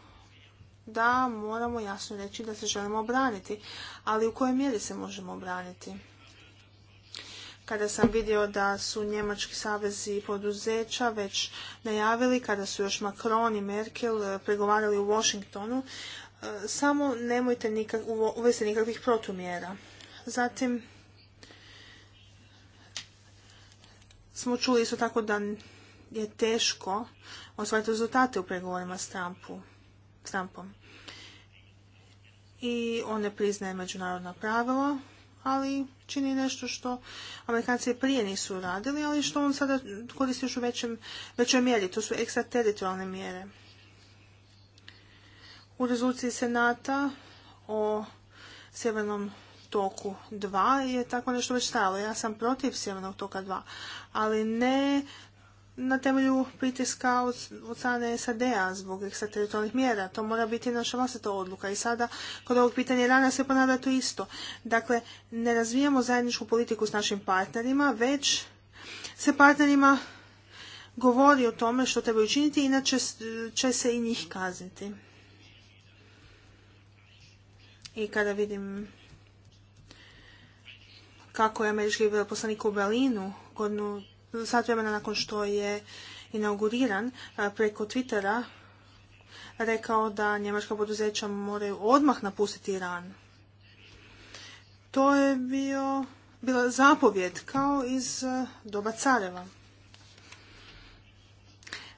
da moramo jasno reći da se želimo obraniti, ali u kojoj mjeri se možemo obraniti? kada sam vidio da su njemački savezi poduzeća već najavili, kada su još Macron i Merkel e, pregovarali u Washingtonu, e, samo nemojte uvesti nikakvih protumjera. Zatim smo čuli isto tako da je teško osvajati rezultate u pregovorima s Trumpom. I on ne priznaje međunarodna pravila, ali čini nešto što Amerikanci prije nisu radili, ali što on sada koristi još u većoj mjeri. To su ekstrateritorijalne mjere. U rezoluciji Senata o Sjevernom toku 2 je tako nešto već stajalo. Ja sam protiv Sjevernog toka 2, ali ne na temelju pritiska od, strane SAD-a zbog ekstrateritorijalnih mjera. To mora biti naša vlastita odluka. I sada, kod ovog pitanja Irana se ponavlja to isto. Dakle, ne razvijamo zajedničku politiku s našim partnerima, već se partnerima govori o tome što treba učiniti, inače će se i njih kazniti. I kada vidim kako je američki veleposlanik u Berlinu godinu sat vremena nakon što je inauguriran e, preko Twittera rekao da njemačka poduzeća moraju odmah napustiti Iran. To je bio, bila zapovjed kao iz e, doba careva.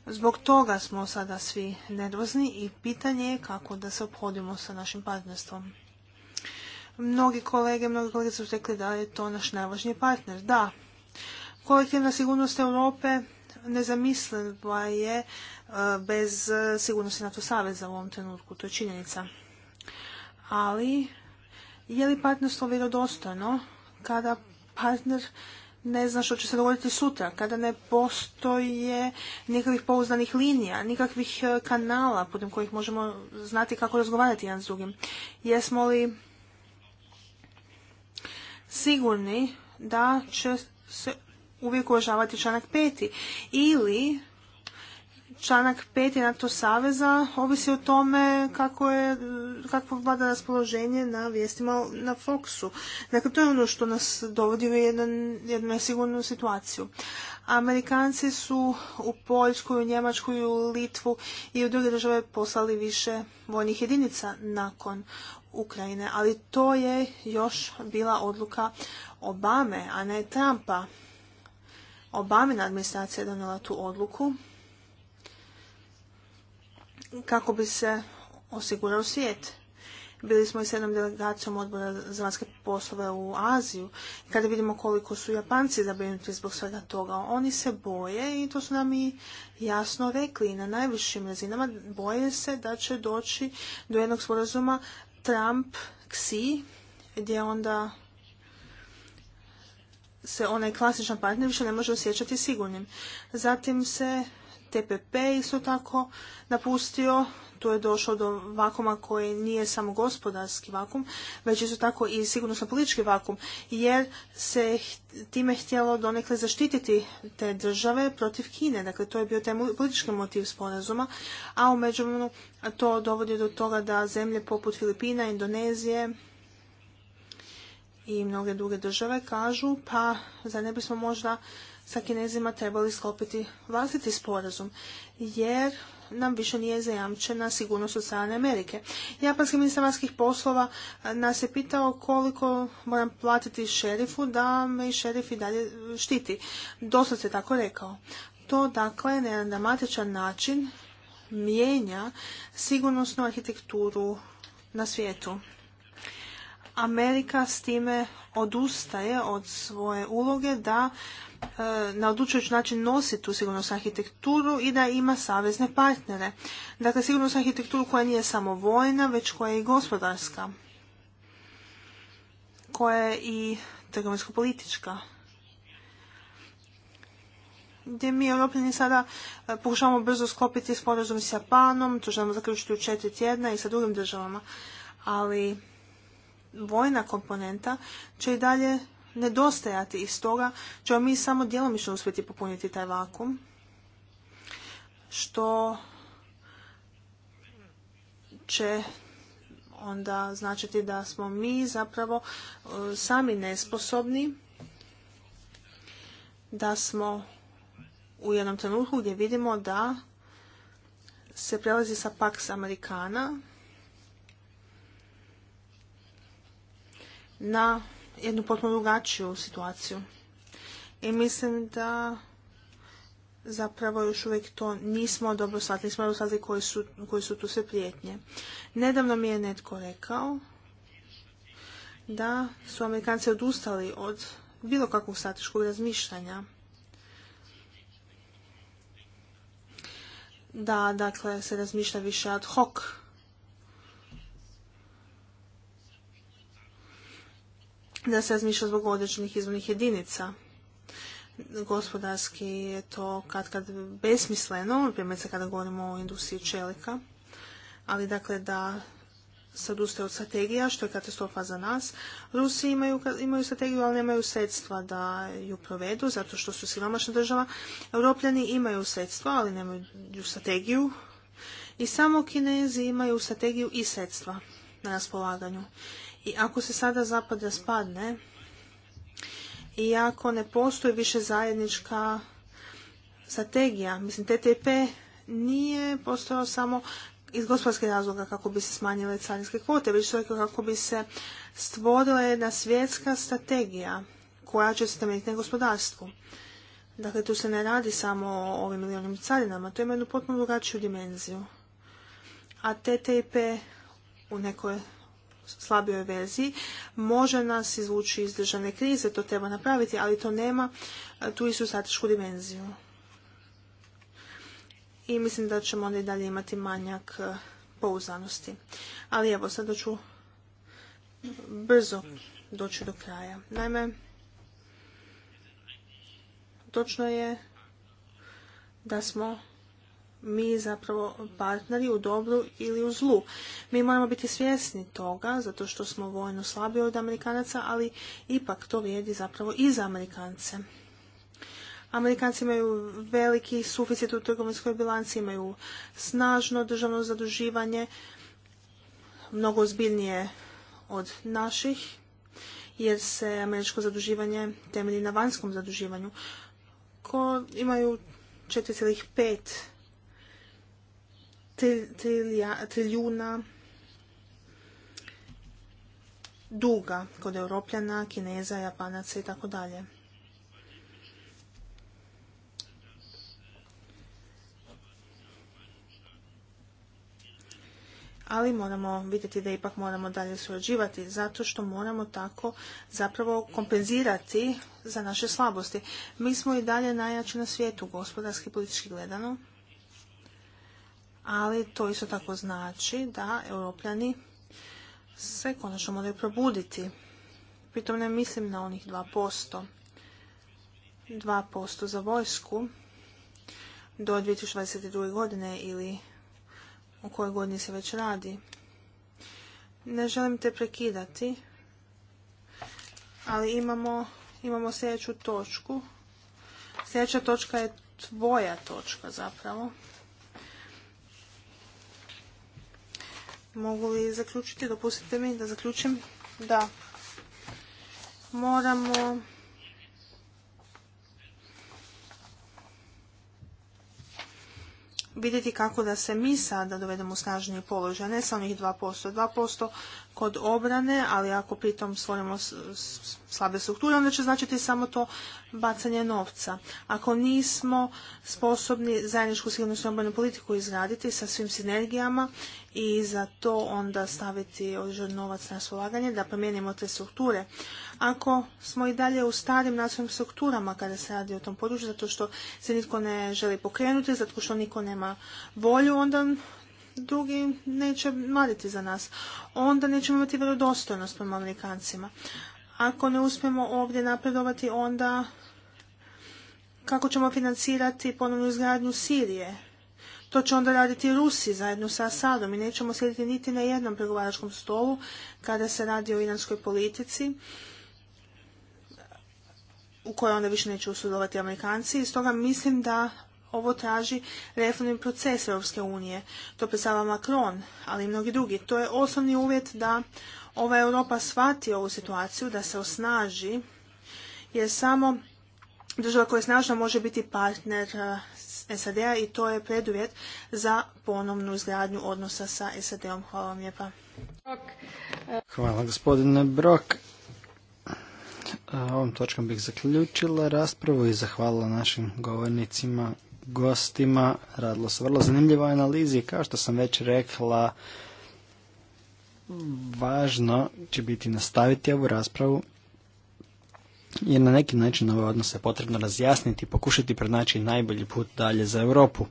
Zbog toga smo sada svi nervozni i pitanje je kako da se obhodimo sa našim partnerstvom. Mnogi kolege, mnogi kolege su rekli da je to naš najvažniji partner. Da, Kolektivna sigurnost Europe nezamisliva je e, bez e, sigurnosti NATO saveza u ovom trenutku, to je činjenica. Ali je li partnerstvo vjerodostojno kada partner ne zna što će se dogoditi sutra, kada ne postoje nikakvih pouzdanih linija, nikakvih e, kanala putem kojih možemo znati kako razgovarati jedan s drugim. Jesmo li sigurni da će se uvijek uvažavati članak peti. Ili članak peti NATO saveza ovisi o tome kako je, kako vlada raspoloženje na vijestima na Foxu. Dakle, to je ono što nas dovodi u jedan, jednu nesigurnu situaciju. Amerikanci su u Poljsku, u Njemačku, u Litvu i u druge države poslali više vojnih jedinica nakon Ukrajine, ali to je još bila odluka Obame, a ne Trumpa. Obamina administracija je donijela tu odluku kako bi se osigurao svijet. Bili smo i s jednom delegacijom odbora za vanjske poslove u Aziju. Kada vidimo koliko su Japanci zabrinuti zbog svega toga, oni se boje i to su nam i jasno rekli. Na najvišim razinama boje se da će doći do jednog sporazuma Trump-Xi, gdje onda se onaj klasičan partner više ne može osjećati sigurnim. Zatim se TPP isto tako napustio, tu je došlo do vakuma koji nije samo gospodarski vakum, već isto tako i sigurnosno politički vakum, jer se time htjelo donekle zaštititi te države protiv Kine. Dakle, to je bio taj politički motiv sporazuma, a u međuvremenu to dovodi do toga da zemlje poput Filipina, Indonezije, i mnoge druge države kažu pa za ne bismo možda sa kinezima trebali sklopiti vlastiti sporazum jer nam više nije zajamčena sigurnost od strane Amerike. Japanski ministar vanjskih poslova nas je pitao koliko moram platiti šerifu da me šerif i dalje štiti. Dosta se tako rekao. To dakle na jedan dramatičan način mijenja sigurnosnu arhitekturu na svijetu. Amerika s time odustaje od svoje uloge da e, na odlučujući način nosi tu sigurnosnu arhitekturu i da ima savezne partnere. Dakle, sigurnosnu arhitekturu koja nije samo vojna, već koja je i gospodarska, koja je i trgovinsko-politička. Gdje mi Europljani sada e, pokušavamo brzo sklopiti sporazum s Japanom, to želimo zaključiti u četiri tjedna i sa drugim državama. Ali vojna komponenta će i dalje nedostajati iz toga, ćemo mi samo djelomično uspjeti popuniti taj vakum što će onda značiti da smo mi zapravo e, sami nesposobni da smo u jednom trenutku gdje vidimo da se prelazi sa Pax Amerikana na jednu potpuno drugačiju situaciju. I mislim da zapravo još uvijek to nismo dobro shvatili, nismo dobro shvatili koji su, su tu sve prijetnje. Nedavno mi je netko rekao da su Amerikanci odustali od bilo kakvog strateškog razmišljanja. Da, dakle, se razmišlja više ad hoc da se razmišlja zbog određenih izvornih jedinica. Gospodarski je to kad kad besmisleno, primjerice kada govorimo o industriji čelika, ali dakle da se odustaje od strategija, što je katastrofa za nas. Rusi imaju, imaju strategiju, ali nemaju sredstva da ju provedu, zato što su siromašna država. Europljani imaju sredstva, ali nemaju strategiju. I samo Kinezi imaju strategiju i sredstva na raspolaganju. I ako se sada zapada spadne i ako ne postoji više zajednička strategija, mislim TTP nije postojao samo iz gospodarskih razloga kako bi se smanjile carinske kvote, već to kako bi se stvorila jedna svjetska strategija koja će se temeljiti na gospodarstvu. Dakle, tu se ne radi samo o ovim milijonim carinama, to ima jednu potpuno drugačiju dimenziju. A TTIP u nekoj slabijoj verziji može nas izvući iz državne krize, to treba napraviti, ali to nema e, tu istu stratešku dimenziju. I mislim da ćemo onda i dalje imati manjak e, pouzdanosti. Ali evo, sada ću brzo doći do kraja. Naime, točno je da smo mi zapravo partneri u dobru ili u zlu. Mi moramo biti svjesni toga, zato što smo vojno slabiji od Amerikanaca, ali ipak to vrijedi zapravo i za Amerikance. Amerikanci imaju veliki suficit u trgovinskoj bilanci, imaju snažno državno zaduživanje, mnogo ozbiljnije od naših, jer se američko zaduživanje temelji na vanjskom zaduživanju. Ko imaju 4,5 trilijuna duga kod europljana, kineza, japanaca i tako dalje. ali moramo vidjeti da ipak moramo dalje surađivati zato što moramo tako zapravo kompenzirati za naše slabosti. Mi smo i dalje najjači na svijetu, gospodarski i politički gledano ali to isto tako znači da europljani se konačno moraju probuditi. Pritom ne mislim na onih 2%. 2% za vojsku do 2022. godine ili o kojoj godini se već radi. Ne želim te prekidati, ali imamo, imamo sljedeću točku. Sljedeća točka je tvoja točka zapravo. Mogu li zaključiti? Dopustite mi da zaključim da moramo vidjeti kako da se mi sada dovedemo u snažniji položaj, ne sa onih 2%, 2% kod obrane, ali ako pritom stvorimo slabe strukture, onda će značiti samo to bacanje novca. Ako nismo sposobni zajedničku sigurnosnu obranu politiku izraditi sa svim sinergijama i za to onda staviti određen novac na raspolaganje, da promijenimo te strukture, ako smo i dalje u starim nacionalnim strukturama kada se radi o tom području, zato što se nitko ne želi pokrenuti, zato što niko nema volju, onda drugi neće mariti za nas. Onda nećemo imati vjerodostojnost prema Amerikancima. Ako ne uspijemo ovdje napredovati, onda kako ćemo financirati ponovnu izgradnju Sirije? To će onda raditi Rusi zajedno sa Asadom i nećemo sjediti niti na jednom pregovaračkom stolu kada se radi o iranskoj politici u kojoj onda više neće usudovati Amerikanci i stoga mislim da ovo traži reformni proces Europske unije. To predstava Macron, ali i mnogi drugi. To je osnovni uvjet da ova Europa shvati ovu situaciju, da se osnaži, jer samo država koja je snažna može biti partner eh, SAD-a i to je preduvjet za ponovnu izgradnju odnosa sa SAD-om. Hvala vam lijepa. Hvala gospodine Brok. Ovom točkom bih zaključila raspravu i zahvalila našim govornicima, gostima. Radilo se vrlo zanimljivo analizi. Kao što sam već rekla, važno će biti nastaviti ovu raspravu jer na neki način ove odnose je potrebno razjasniti i pokušati pronaći najbolji put dalje za Europu.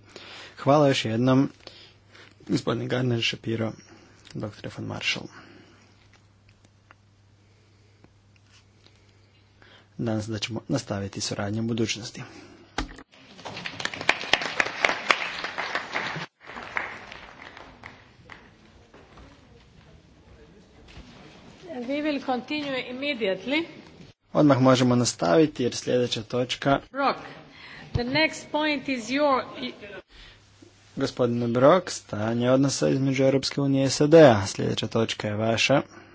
Hvala još jednom, gospodine Gardner Shapiro, dr. von Marshall. Nadam se da ćemo nastaviti suradnju u budućnosti. We will Odmah možemo nastaviti jer sljedeća točka... Brock, Gospodine Brok, stanje odnosa između Europske unije i SAD-a. Sljedeća točka je vaša.